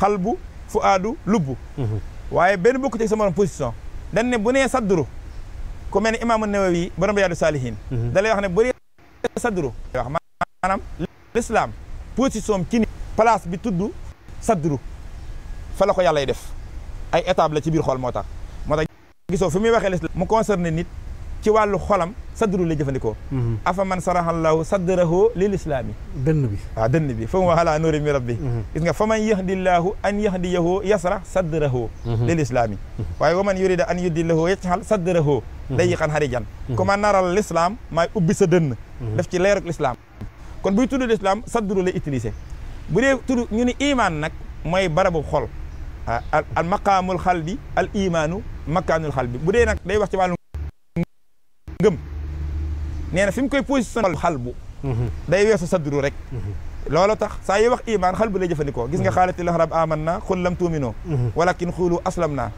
xalbu fu adu lubbu waaye benn bokk ci sa morom position dañ ne bu nee sadduru ku mel ne imaamu Nawawi borom Riyaadu Saalihiin da lay wax ne bu nee sadduru wax maanaam l'islam position ci place bi tuddu sadru fa la ko yalla def ay étape la ci bir xol motax motax giso fumi waxe l'islam mu concerner nit ci walu xolam sadru la jefandiko afa man saraha allah sadrahu lil islam dënn bi ah den bi fa wa ala nuuri mi rabbi gis nga fa yahdi allah an yahdiyahu yasra sadrahu lil islam waaye wa man yurida an yudillahu yathal sadrahu day harijan kuma naral l'islam may ubbi sa den def ci leeruk l'islam kon buy tudd l'islam sadru lay utiliser bu dee tudd ñu ni iman nag mooy barabu xol al maqamul xal al imaanu makanul xal bu dee nag day wax ci wàllu ngëm nee na fi mu koy position xal bu day weesu sadru rek loolu tax saa yi wax iman xal lay jëfandikoo gis nga xaalatil arab aman na xul lam tuuminoo walakin xuulu aslam naa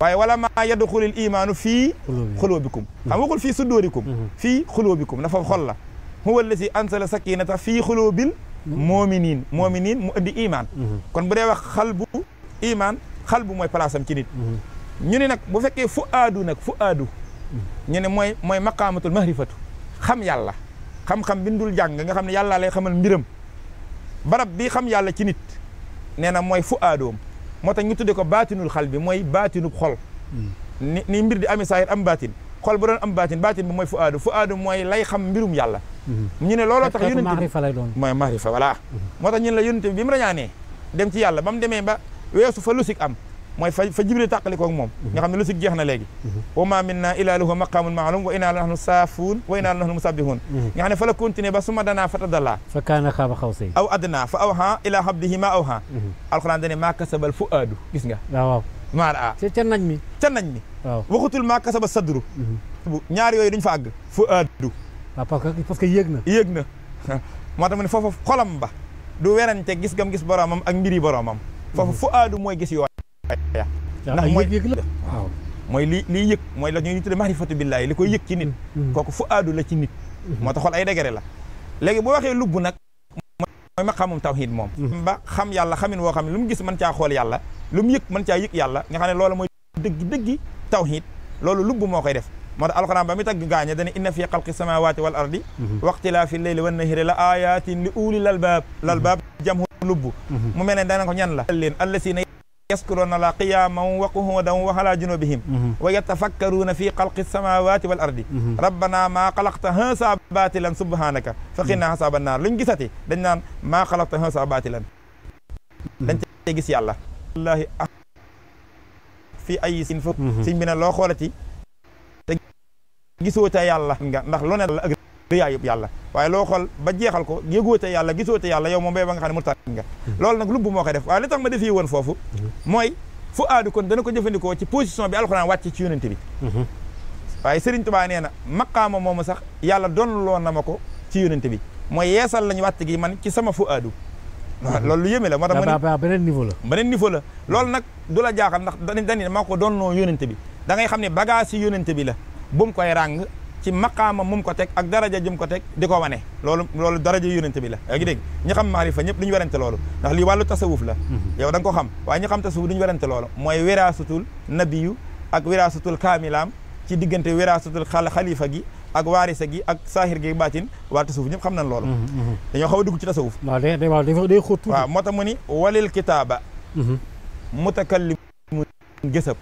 waaye wala ma yadxulil imaanu fii xuloobikum xam waxul fii sudóorikum fii xuloobikum dafa xol la هو الذي انزل سكينه في قلوب المؤمنين مؤمنين مؤدي ايمان كون بودي واخ قلب ايمان قلب موي بلاصام تي نيت ني ني نك بو فكي فؤاد نك فؤاد ني ني موي موي مقامه المعرفه خم يالا خم خم بندول جانغا خم يالا لاي خمال ميرم برب بي خم يالا تي نيت نينا موي فؤادوم موتا ني تودي كو باتينو الخلب موي باتينو خول ني مير دي امي ساير ام باتين xol bu doon am baatin baatin bi mooy fuaadu fuaadu mooy lay xam mbirum yàlla mhm. ñu ne looloo tax yonent maarifa lay doon mooy maarifa voilà moo tax ñu ne la yonent bi bi mu rañaanee dem ci yàlla ba demee ba weesu fa lusik am mooy fa fa jibril tàqalikoog moom mhm. nga xam ne lusik jeex na léegi mhm. wa ma minna ila lahu maqaamun maalum wa inaa la nahnu saafuun wa inaa la nahnu musabbihun nga xam ne fa la continuer ba suma danaa fa tadallaa fa kaana xaaba xawsay aw adnaa fa awhaa ila abdihi ma gis nga waaw maara ah. ca nañ mi ca nañ mi waaw waxutul maa kasaba sadru mhm. ñaar yooyu duñ fa àgg fu addu waaw ah, parce que parce que yéeg na yéeg na moo xolam ba du werante gis gam gis boromam ak mbiri boromam foofu mhm. fu aadu mooy gis yooya ah, ndax mooy yëg la waaw mooy li liy yëg mooy la ñuy tuddee marifatu billahi li koy yëg ci nit mhm. kooku fu aadu la ci nit moo tax xol ay degere la léegi bu waxee ma xamum tawhid ba xam lu gis mën caa xool lu mu yëg mën caa yàlla nga xam ne loolu mooy dëgg dëggi tawhid loolu lubb moo koy def moo tax alxuraan ba mi tagg gaañe dana inna fi xalqi samawati wal ardi waxtilaafi leyli wan nahari la ayatin li uli lal baab lal baab jamhu lubb mu mel ne dana ko ñan la leen allasina yaskuruuna la qiyaman wa qu'udan wa ala junubihim wa yatafakkaruuna fi xalqi samawati wal ardi rabbana maa xalaqta haasa baatilan subhanaka faqina hasaaba naar luñ gisati dañ naan maa xalaqta haasa baatilan dañ te gis yàlla wallahi ah fii ay sin fo mhm. sëñ bi ne loo xoolati te gisoo te yàlla nga ndax lu ne la ak rëyaayu yàlla waaye loo xool ba jeexal ko yëgoo te yàlla gisoo te yàlla yow moom bay ba nga xam ne murtaan nga mhm. lool nag lubb moo koy def waaye li tax ma defee woon foofu mhm. mooy fu aadu kon dana ko jëfandikoo ci position bi alxuraan wàcc ci yonente bi waaye Serigne Touba nee na makkaama moomu sax yàlla doon loon na ma ko ci yonente bi mooy yeesal lañu wàcc gi man ci sama fu waaw ah, loolu lu yéeme la moo tax ma ne beneen niveau la beneen niveau la loolu nag du la jaaxal ndax dani maa ko doon noo yónente bi da ngay xam ne bagage yi yónente bi la bu mu koy ràng ci maqaama mum ko teg ak daraja jëm ko teg di ko wane loolu loolu daraja yónente bi la yaa ngi dégg ñi xam fa ñëpp du ñu werante loolu ndax lii wàllu tasawuf la mhm. yow da nga ko xam waaye ñi xam tasawuf du ñu werante loolu mooy wiraasatul nabiyu ak wiraasatul kaamilaam ci diggante wiraasatul xalifa gi ak waarisa gi ak saaxir gi baatin waa tasawuf ñëpp xam nañ loolu mhm, mhm. dañoo xaw a dugg ci tasawuf waaw moo tax mu ni walil kitaaba mhm. mutakallimun gësëb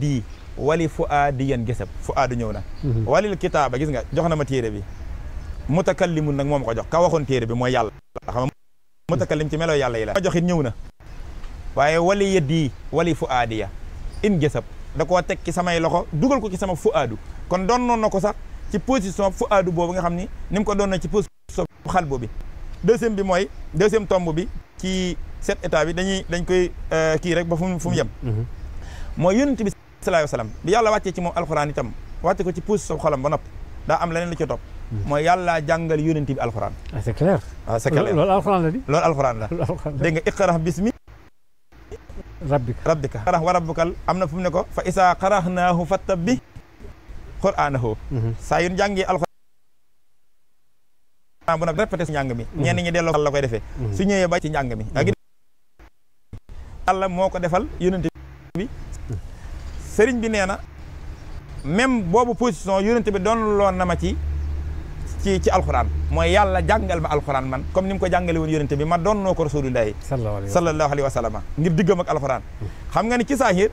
di wali fuaadiyan gësëb fuaadu ñëw na walil kitaaba gis nga jox na ma téere bi mutakallimun nag moom ko jox ka waxoon téere bi mooy yàlla xam nga mutakallim ci melo yàlla yi la ma ñëw na waaye wali yëddi wali fuaadiya in gësëb da koo teg ci samay loxo dugal ko ci sama fuaadu kon doon noon ko sax ci position fu aadu boobu nga xam ni ni ko doon na ci position xal boobu deuxième bi mooy deuxième tomb bi ci set état bi dañuy dañ koy euh, kii rek ba fu mu fu mu yem mm-hmm. Mm-hmm. mooy yonent bi sallallahu alayhi wa sallam bi yàlla wàccee ci moom alxuraan itam wàcce ko ci position xolam ba nopp daa am leneen lu ca topp mm-hmm. mooy yàlla jàngal yonent bi alxuraan ah, c'est clair waaw ah, c'est clair loolu alxuraan la di loolu alxuraan la dégg nga iqra bismi rabbika rabbika xarax wa rabbukal am na fu mu ne ko fa isaa xaraxnaahu fattab bi qur'anahu mm-hmm. saa yu Al Quran, bu nak répété su njàng mi mm-hmm. ñenn ñi délo la koy défé mm-hmm. su ñëwé ba ci njàng mi ak yàlla moo ko defal bi sëriñ bi néna même bobu position yonente bi don lo na ma ci ci ci alxuraan moy yalla jangal ma alxuraan man comme nim ko jàngale won yonente bi ma don noo ko sallallahu alaihi wasallam. ngir diggam ak alxuraan xam nga ni ci sahir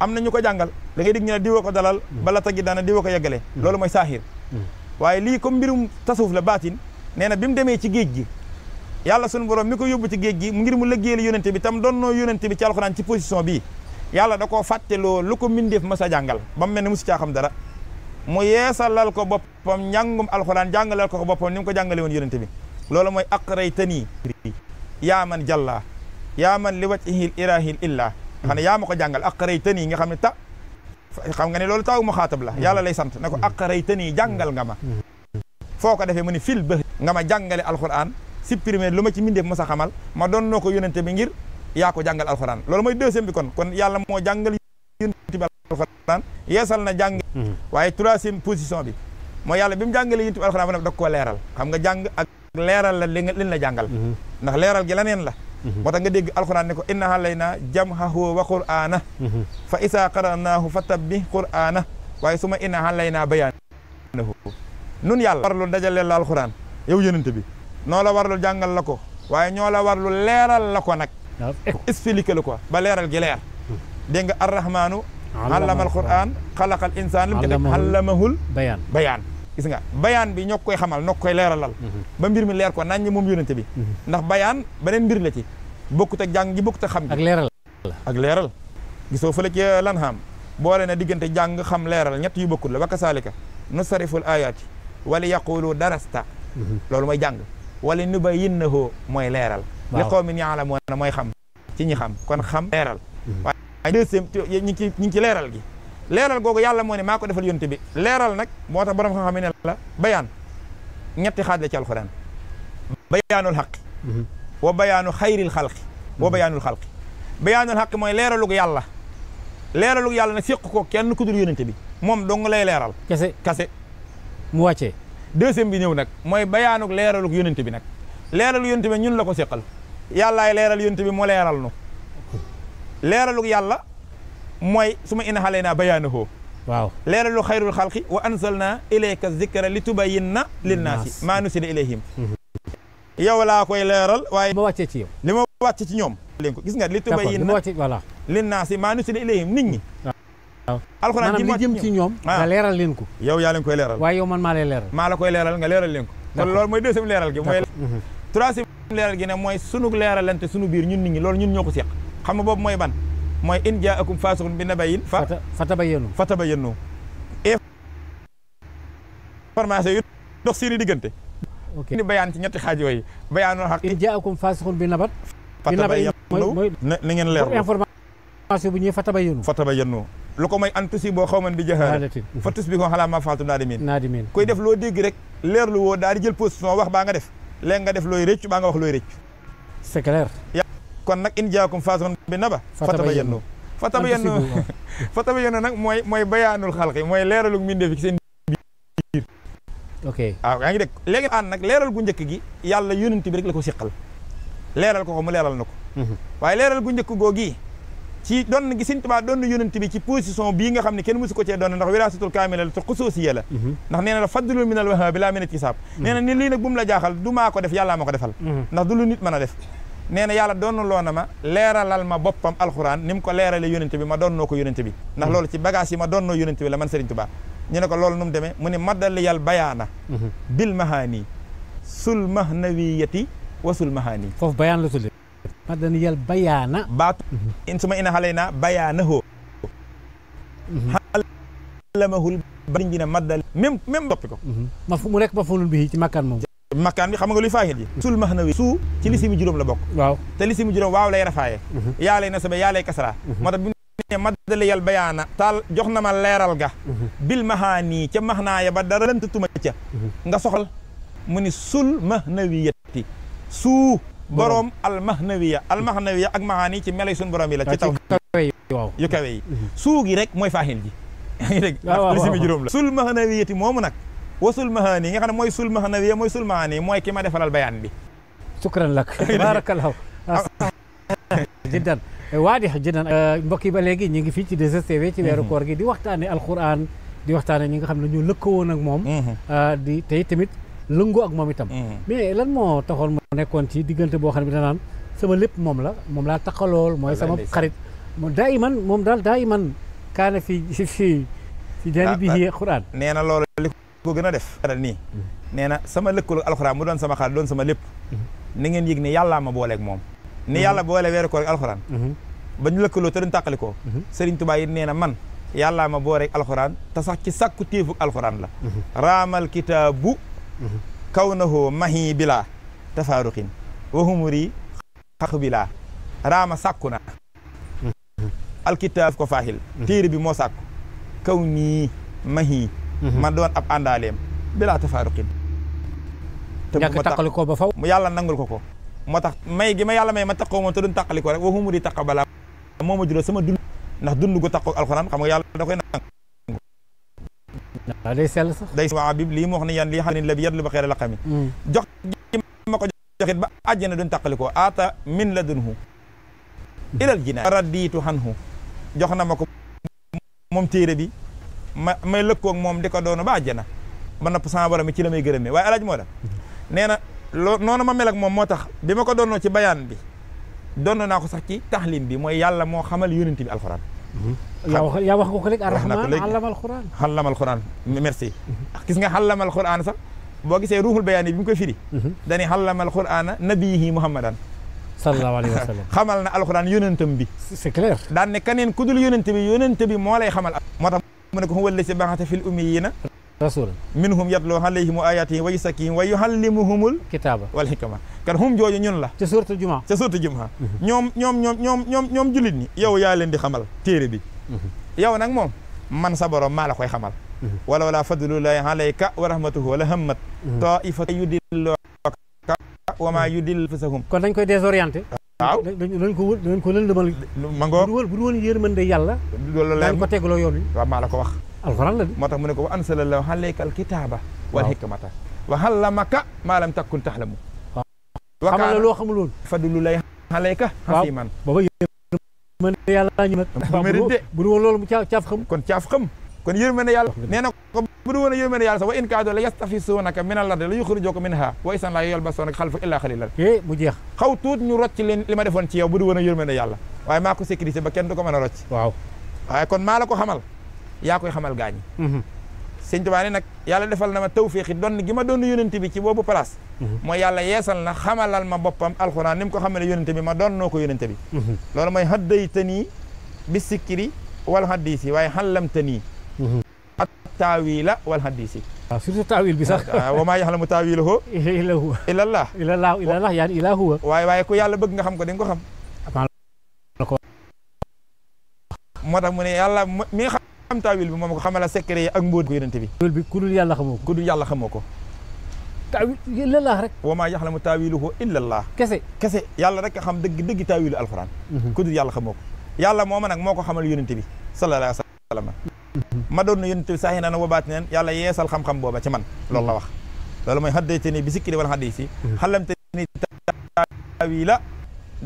am na ñu ko jàngal da ngay dégg diwa ko dalal mm. bala tagi daana diwa ko yeggale mm. loolu mooy saaxiir mm. waaye lii comme mbirum tasawuf la baatin nee na bi mu demee ci géej gi yàlla sunu borom mi ko yóbbu ci géej gi ngir mu lëggéeyal yonente bi tam doon noo yonente bi ci alxuraan ci position bi yàlla da koo fàtteloo lu ko mindeef mas a jàngal ba mu mel ne mosu caa xam dara mu yeesalal ko boppam jàngum alxuraan jàngalal ko ko boppam ni mu ko jàngale woon yonente bi loolu mooy aqraytanii yaa man jalla yaa man li wajhihil irahil illa xam ya mako jangal ko aqraytani nga xam ta xam nga ni lolou taw mu la yalla lay sante nako ko aqraytani jangal nga ma foko defé muni fil be nga ma jàngale alquran supprimer luma ci mindeef mos xamal ma don noko yonenté bi ngir ya ko jangal alquran lolou moy deuxième bi kon kon yalla mo jangal yonenté bi alquran yeesal na jàng hmm. waye troisième position bi mo yalla bimu mu yonenté bi alquran ba nag da koo leeral xam nga jang ak leeral la li la jangal hmm. ndax gi lanen la moo tax nga dégg alxuraan ne ko inna alaynaa jam'ahu wa qur'aana fa isaa qara'naahu fattabi' qur'aana waaye su ma inna alaynaa bayaanahu nun yàlla warlu dajaleel la alxuraan yow yonent bi noo la warlu jàngal la ko waaye ñoo la warlu leeral la ko nag expliqué la ko ba leeral gi leer dégg nga arrahmaanu allama alxuraan xalaqa al insaan lu mu ci nekk allamahul bayaan gis nga bayan bi ñoo koy xamal noo koy leeralal mhm. ba mbir mi leer ko nañ ñi moom bi mhm. ndax bayan benen mbir la ci bokkut ak jang gi bokkut ak xam gi ak leral ak leeral gisoo fele ci eh, lanham xam boole na digeunte jang xam leral ñet yu bokkul la wakasaalika nusariful ayati ayaati yaqulu darasta mhm. lolu moy jang wala nubayyinnahu moy leral li qawmin ya'lamuuna moy xam ci ñi xam kon xam leral waaye deuxième ñi ci ñi ci leral gi leral gogo yàlla moone mako defal yonte bi leral nak motax borom xam-xam la bayan ñetti xaaj la ci alquran bayanul haqq wa bayanu khairil khalq wa bayaanul xalqi bayaanul xaq mooy leeralug yàlla leeralug yàlla nak séq ko kenn ku dul yonte bi moom dong lay leral kase kase mu wacce deuxième bi ñëw nag mooy bayaanug leeralug yonte bi nak leralu yonte bi ñun la ko yalla ay leral yonte bi mo leeral nu leeralug yàlla mooy su ma ina xalee naa bayaanahoo waaw leeralu xayrul xalqi wa anzalna ilayka zikra li tubayinna linnaasi maa nusila ilayhim yow laa koy leeral waaye ma wàccee ci yow li ma wàcce ci ñoom leen ko gis nga li tubayinna voilà linnaasi maa nusila ilayhim nit ñi alxuraan ji li jëm ci ñoom nga leeral leen ko yow yaa leen koy leeral waaye yow man maa lay leeral maa la koy leeral nga leeral leen ko kon loolu mooy deuxième leeral gi mooy troisième leeral gi ne mooy sunu leeralante sunu biir ñun nit ñi loolu ñun ñoo ko seq xam nga boobu mooy ban moy in jaakum faasiqun bi nabayin fa fatabayyanu fatabayyanu e information yu dox seeni diggante ok ni bayan ci ñetti xaaj yooyu bayanu xaq in jaakum faasiqun bi nabat bi ngeen leer information bu ñëw fatabayyanu fatabayyanu lu may antusi boo xaw bi jaxaalatin fa bi ko xalaa ma faaltum naadimin naadimin koy def loo dégg rek leerlu woo daal jël position wax nga def léegi nga def looy rëccu baa nga wax c'est clair ya kon nag in jaakum faasiqun bi naba fatabayyanu fatabayyanu fatabayyanu nag mooy mooy bayaanul xalqi mooy leeralug mbindeef ci seen biir ok waaw ah, yaa ngi dégg léegi aan leeral gu gi yàlla yonent bi rek la ko siqal leeral ko ko mu leeral na ko mhm. waaye leeral gu njëkk googi ci doon gi Sëñ Tuubaa doon yonent bi ci position bii nga xam ne kenn mosu cee doon ndax wiraasatul kaamila la te xusuusiya la mhm. ndax la fadlul minal wahaabi laa minal kisaab mhm. ni lii def yàllaa ma ko defal ndax du lu nee na yàlla doon loo na ma leeralal ma boppam alxuraan ni mu ko leeralee yonent bi ma doonnoo ko yonent bi ndax loolu ci bagage yi ma doonnoo yonent bi la man Serigne Touba ñu ne ko loolu nu mu demee mu ne maddali yàlla bayaana bil mahaani sul mahnawiyati wa sul mahaani foofu bayaan la tudd maddali yàlla bayaana baatu in suma ina xale naa bayaana hoo xalamahul bari ji ne maddali même même doppi ko ma fu mu rek ma fulul bi ci makkaan moom makkaan bi xam nga luy faahil ji sul mahnawi suu ci lisimu juróom la bokk waaw te lisimu juróom waaw lay rafaaye mhm. yaa lay nasabe yaa lay kasra mhm. moo tax bi ne maddale yal bayaana taal jox na ma leeral ga mhm. bil mahaanii ca mahnaaya ba dara lëntatuma ca nga soxal mu ni sul mahnawiyati suu boroom al mahnawiya al mahnawiya ak mahaanii ci melay sun borom yi la ci taw yu kawe suu gi rek mooy faahil ji yaa ngi dégg lisimu juróom la sul mahnawiyati moomu wa mahani nga xam ne sul mahanawiya mooy sul mahani mooy ki ma defalal bayaan bi sukran lak barakallahu jiddan waadix jiddan eh, mbokk yi ba léegi ñu ngi fii ci 2STV ci weeru mhm. koor gi di waxtaane alquran di waxtaane ñi nga xam ne ñoo ak moom mhm. eh, di tey tamit lëngoo ak moom itam mhm. mais lan moo taxoon mu nekkoon ci diggante boo xam ne sama lépp moom la moom laa taqalool mooy sama xarit daa iman moom daal daa iman kaana fi fi fi ah, jaanibihi ah. alquran nee na loolu ko gën a def dara nii mm-hmm. nee na sama lëkkaloo alxuraan mu doon sama xaar doon sama lépp mm-hmm. ni ngeen yëg ne ma booleeg moom ni yàlla mm-hmm. boole weeru koor ak alxuraan ba ñu lëkkaloo te duñ tàqalikoo sëriñ Tuubaa yi na man yàllaa ma booleeg alxuraan te sax ci sàkku téefuk alxuraan la raamal kitaabu kaw nahoo mahi bilaa tafaaruqin wahumuri xaq bilaa raama sàkku na alkitaab ko faahil téere bi moo sàkku kaw nii mahi Mhm. man doon ab àndaaleem bilaa tafaaruqin te ñàkk taqali ko ba faw mu yàlla nangul ko ko moo tax may gi ma yàlla may ma taqoo moom te duñ taqali ko rek waxumu di taqa balaa moo ma jural sama dund ndax dund gu taqoo alxuraan xam nga yàlla da koy nangu day sell sax day waa bib lii mu wax ne yan lii xam ne la bi yadlu ba xeer la xami mm. jox ma ko joxit ba àjjana duñ taqalikoo aata min la dunhu ilal jinaan radiitu xan hu jox na ma ko moom téere bi ma may lëkkoog moom di ko doonu ba àjjana ba napp sama borom mi ci la gërëm gërëmee waaye alaaj moo da nee na loo noonu ma mel ak moom moo tax bi ma ko doonoo ci bayaan bi doon naa ko sax ci taxlim bi mooy yàlla moo xamal yónent bi alxuraan mm-hmm. yaa wax nga ko léegi arrahmaan allamal alxuraan allamal alxuraan merci mm-hmm. gis nga allamal alxuraan sax boo gisee ruuxul bayaan bi mu koy firi mm-hmm. dani allamal alxuraan nabiyihi muhammadan sallallahu alayhi wa sallam xamal na alxuraan yónentam bi c'est clair daan ne keneen ku dul yónent bi yónent bi moo lay xamal moo tax منك هو الذي بعث في الأميين رسولا منهم يطلو عليهم آياته ويسكين ويعلمهم الكتاب والحكمة كان هم جوج نيون لا تسورة الجمعة تسورة الجمعة نيوم نيوم نيوم نيوم نيوم نيوم جلني يو يا لين دي خمال تيري بي يو نعم مم من صبر ما لا خوي خمال ولا ولا فضل لا يهلك ورحمته ولا همت طائفة يدل وما يدل فسهم كنا نكوي ديزورينتي waaw nañ ko wër nañ ko lëndëmal ma ngoo bu woon bu woon yërmande yàlla loolu la ko tegloo yoon wi waaw maa la ko wax alxuraan la de moo tax mu ne ko wa ansalallahu alayka alkitaba wal hikmata wa allamaka maa lam takun taxlamu xamal la loo xamuloon fadlu lay alayka hasiman booba yërmande yàlla ñu nag bu woon loolu mu caaf xam kon caaf xam kon yërmande yàlla nee na ko bu du woon a yërmande yàlla sax wa in kaadoo la yastafisuunaka min al-ardi la yuxrijuuka minhaa wa isan laa yalbasuunaka xalfa illa xalilan mu jeex xaw tuut ñu rocc leen li ma defoon ci yow bu du woon a yërmande yàlla waaye maa ko sécurité ba kenn du ko mën a rocc waaw waaye kon maa la ko xamal yaa koy xamal gaañi sëñ Tuubaa ne nag yàlla defal na ma tawféexi doon gi ma doon yónent bi ci boobu place mooy yàlla yeesal na xamalal ma boppam alxuraan ni mu ko xamale yónent bi ma doon noo ko yónent bi loolu mooy haddaytanii bi sikkiri wal hadiisi waaye xallamtanii ak taawila wal hadisi waaw surtout taawil bi sax ah, wa maa yaxlamu taawilahu illa huwa illallah illallah illallah yaani illa huwa waaye waaye ku yàlla bëgg nga xam ko di nga ko xam moo tax mu ne yàlla mi nga xam taawil bi moom ko xamala secret yi ak mbóot ko yonente bi taawil bi xam dul yàlla xamoo ko ku dul yàlla xamoo ko taawil illallah rek wa maa yaxlamu taawiluhu illallah kese kese yàlla rek xam dëgg dëgg taawilu alquran mhm. ku dul yàlla xamoo ko yàlla mooma nag moo ko xamal yonente bi sallallahu wa sallam ma doon na yonent bi saaxi naan baat neen yàlla yeesal xam-xam booba ci man loolu hmm. wax loolu mooy te ni bi sikkiri wala xaddi si hmm. xalamte ni taawila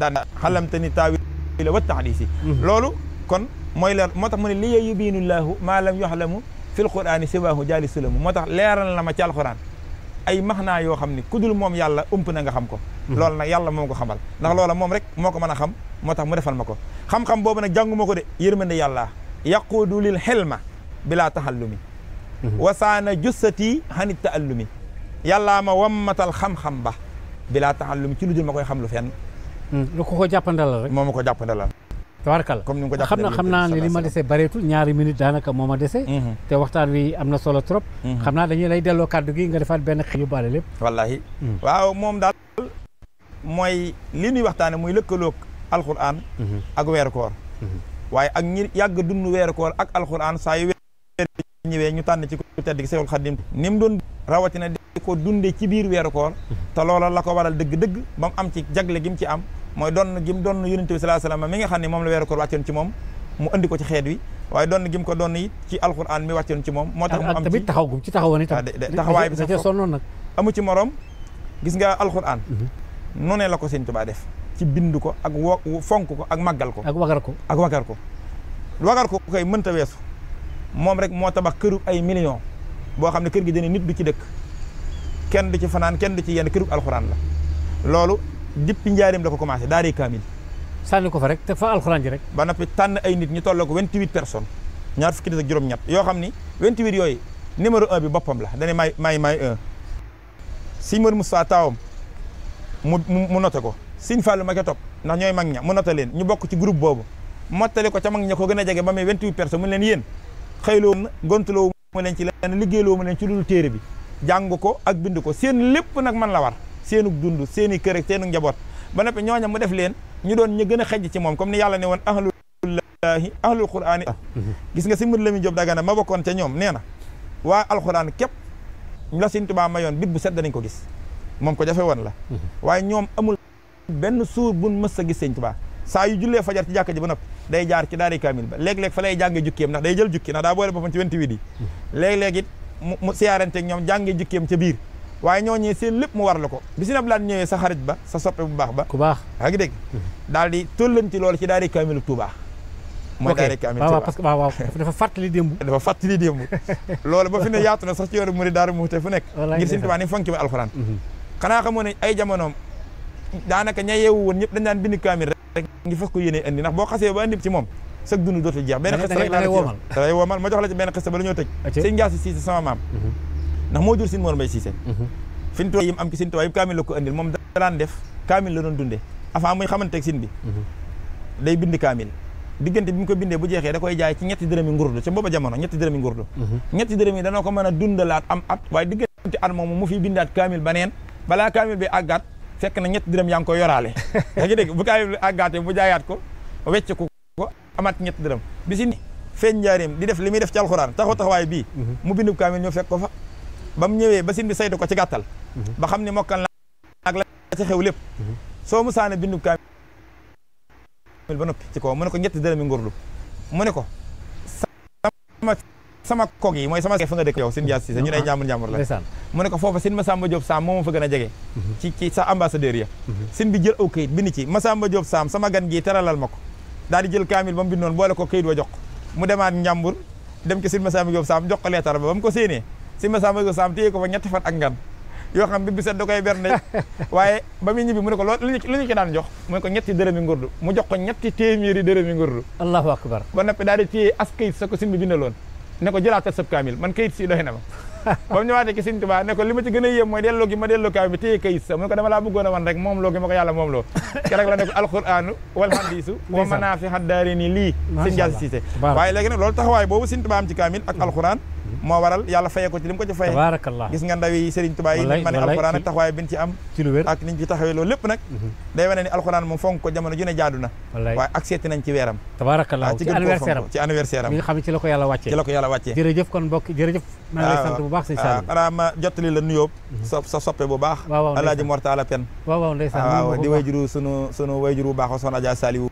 daan xalamte ni taawila wa taxdisi hmm. loolu kon mooy leer moo tax mu ne li ye yubiinullaahu maa lam yoxlamu fil quraani siwaahu jaali sulamu moo tax leeral na ma ci alquran ay max naa yoo xam ni ku dul moom yàlla ump na nga xam ko loolu na yàlla moom ko xamal ndax loola moom rek moo ko mën a xam moo tax mu defal ma ko xam-xam boobu nag jàngu ma ko de yërmande yàlla يقود للحلم بلا تحلم وسان جثتي عن التألم يلا ما ومتال xam-xam ba bila taxallum ci lu dul ma koy xam lu fenn lu ko ko jàppandalal rek moo ma ko jàppandalal tabarkal comme ni ko xam na xam naa ne li ma dese bareetul ñaari minute daanaka moo ma dese te waxtaan wi am na solo trop xam naa dañuy lay delloo kàddu gi nga defaat benn xel yóbbaale lépp wallahi waaw moom daal mooy li ñuy waxtaane muy lëkkaloog alquran ak weeru koor waaye ak ñi yàgg dund weeru koor ak alxuraan saa yu weer ñëwee ñu tànn ci ku tedd gi Seexul Xadim ni mu doon rawatina di ko dundee ci biir weeru koor te loola la ko waral dëgg-dëgg ba mu am ci jagle gi mu ci am mooy doon gi mu doon yonente bi sallallahu alayhi wasallam mi nga xam ne moom la weeru koor wàccoon ci moom mu andi ko ci xeet wi waaye doon gi ko doon it ci alxuraan mi wàccoon ci moom moo tax mu am tamit taxaw gum ci taxawoon itam ah, taxawaay bi sax sonnoon nag amu ci morom gis nga alxuraan mhm. nu ne la ko sëñ Tuubaa def ci bind ko ak wo fonk ko ak màggal ko. ak wagar ko ak wagar ko. wagar ko koy mënta weesu moom rek moo tabax këru ay millions boo xam ne kër gi dana nit du ci dëkk kenn du ci fanaan kenn du ci yenn këru alxuraan la loolu dippi njaareem la ko commencé daaree kaamil. sànni ko fa rek te fa alxuraan ji rek. ba noppi tànn ay nit ñu tolloo ko 28 person ñaar fukki nit ak juróom-ñett yoo xam ni 28 yooyu numéro 1 bi boppam la dañuy may may may 1. Sëñ Mor Moussa taawam mu mu noté ko. Sëñ Fallou ma ca topp ndax ñooy mag ña mu nota leen ñu bokk ci boobu mottali ko ca mag ña ko gën a jege ba muy 28 personnes mu leen yéen xëyloo gontuloo mu leen ci leen liggéeyloo mu leen ci dul bi jàng ko ak bind ko seen lépp nag man la war seenug dund seeni kër ak seenu njaboot ba noppi ñooña mu def leen ñu doon ñu gën a xejj ci moom comme ni yàlla ne woon ahlullahi ahlul qur'ani gis nga si mud Lamin Jóob Dagana ma bokkoon ca ñoom nee na waa alquran képp la Sëñ Tuubaa mayoon bit bu sedd nañ ko gis moom ko jafe woon la mhm. ñoom amul benn suur buñ mës a gis sëñ Tuubaa saa yu jullee fajar ci jàkka ji ba noppi day jaar ci daari kaamil ba léeg-léeg fa lay jàngee jukkeem ndax day jël jukki ndax daa boole boppam ci vingt-huit yi léeg-léeg it mu siyaarante ak ñoom jàngee jukkeem ca biir waaye ñooñee seen lépp mu war la ko bi si nab sa xarit ba sa soppe bu baax ba ku baax yaa ngi dégg mm-hmm. daal di tollanti loolu ci daari kaamilu Tuubaa mooy daari kaamil Tuubaa dafa fàttali démb dafa fàttali démb loolu ba fi ne yaatu na sax ci yoonu murid daara mu te fu daanaka ña yeewu woon ñëpp dañ daan bind kaamil rek ngi fas ko yéene andi ndax boo xasee ba andi ci moom sag dund dootul jeex benn xista rek laa lay woomal ma jox la ci benn xista ba la ñoo tëj sëñ Ndiass Cissé sama maam mhm. ndax moo jur sin Mor Mbaye Cissé mhm. fi ñu yim am ci sin tubaab yëpp kaamil la ko andil moom dalaan def kaamil la doon dundee avant muy xamanteeg sin bi mhm. day bind kaamil diggante bi mu ko bindee bu jeexee da koy jaay ci ñetti dërëmi ngurdu ca booba jamono ñetti dërëmi ngurdu ñetti dërëm yi danoo ko mën a dundalaat am at waaye diggante at moom mu fi bindaat kaamil baneen balaa kaamil bi àggaat fekk na ñett dërëm yaa ngi koy yoraale yaa ngi dégg bu kaay bi àggaatee bu jaayaat ko wecc ko ko amaat ñett dërëm bi si feeñ njaareem di def li muy def ci alxuraan taxaw taxawaay bii mhm. mu bindu kaamil ñoo fekk ko fa ba mu ñëwee ba sin bi ko ci gàttal mhm. ba xam ne mokkal na ak la ci xew lépp mhm. soo musaane bindu kaamil ba noppi ci ko mu ne ko ñetti dërëmi ngurdu mu ne ko sama sama kok yi moy sama fa nga dëkk yow sin jassi ñu lay jamm jamm la mu ne ko fofu sin Masamba job Sam mo fa gëna a ci ci sa ambassadeur ya sin mhm. bi jël aw kayit ci Masamba job Sam sama gan gi teralal mako ko daal di jël kaamil ba mu bo la ko kayit wa jox mu demat njàmbur dem ci sin Masamba job Sam jox leetar ba bam ko sin Masamba job Sam tey ko fa ñett fat ak ngam yo xam bi biset da koy bernde waaye ba muy mu ne ko luñu luñu ci daan jox mu ne ko ñetti dërëmi ngurdu mu jox ko ñetti dërëmi ngurdu allahu akbar ba noppi daal di téye askay sa ko sin bi bindalon ne ko jëlaatal sab kaamil man kayit si doy ma ba mu ñëwaatee ci Sëñ Tuubaa ne ko li ma ci gën a yéem mooy delloo gi ma delloo kaamil bi kayit sa mu ko dama laa bëggoon a wan rek moom loo gi moom loo keroog la ne ko alquraanu wal hadiisu wa manaafi haddaari lii sëñ Jaasi Siise waaye léegi nag loolu taxawaay boobu Sëñ Tuubaa am ci kaamil ak alquraan mo waral yalla fayé ko ci lim ko ci fayé tabarakallah gis nga ndaw yi Serigne Touba yi man alcorane taxway bin ci am ci lu wer ak niñ ci taxawé lo lepp nak mhm. day wone ni alcorane mo fonko jamono ju ne jaadu na ak seeti nañ ci wéram tabarakallah ci anniversaire ci anniversaire mi xam ci lako yalla yàlla ci lako yalla yàlla wàccee jërëjëf kon bok jërëjëf maa ngi lay ah, sant bu baax sëñ ah, Sall xanaa ma jottali la nuyo mhm. sa soppé bu baax alaaji Mortala Pen waaw waaw ndaysan ah, di wayjuru sunu sunu wayjuru baax Soxna Adja Saliou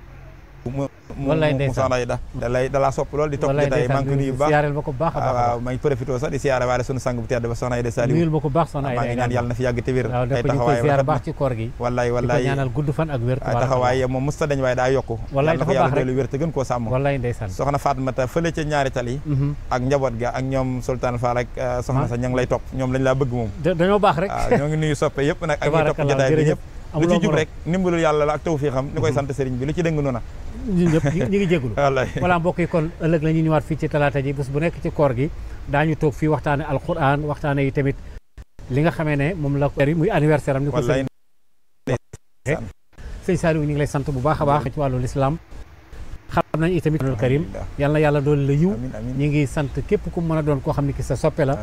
mu mu soxna ah, ah, yi ah, kan mhm. eh, da da lay da laa sopp lool di topp jotaay maa ngi ko nuyu baax siyaareel ma ko baax a baax maa ngi profité sax di siyaare waale sunu sang bu tedd ba soxna yi de Saliou nuyul ma ko baax soxna yi maa ngi ñaan yàlla na fi yàgg te wér waaw dafa ñu koy siyaar baax ci koor gi wallaay wallaay ñaanal gudd fan ak wér taxawaay moom musta dañ waaye daa yokku wallaay dafa yàlla dellu wér te gën koo sàmm wallaay ndeysaan soxna Fatmata fële ca ñaari tali ak njaboot ga ak ñoom Sultaan Fall lu ci rek ak koy bi lu ci ñun ñëpp ñu ngi jégalu voilà mbokk kon ëllëg la ñu ñëwaat fii ci talaata ji bés bu nekk ci koor gi daañu toog fii waxtaane alquran waxtaane yi tamit li nga xamee ne moom la ko muy anniversaire am ni ko sëñ sëñ Saliou ñu ngi lay sant bu baax a baax ci wàllu lislaam xam nañ itamit al karim yal yàlla doon la yiw ñu ngi sant képp ku mën a doon koo xam ne ki sa soppe la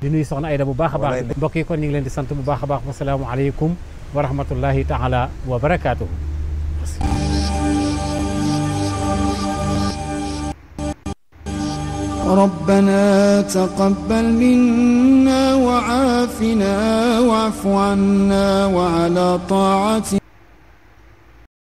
di nuyu soxna Ayda bu baax a baax mbokk yi kon ñu ngi leen di sant bu baax a baax wasalaamu aleykum wa rahmatullahi taala wa barakaatuhu ربنا تقبل منا وعافنا واعف عنا وعلى طاعتنا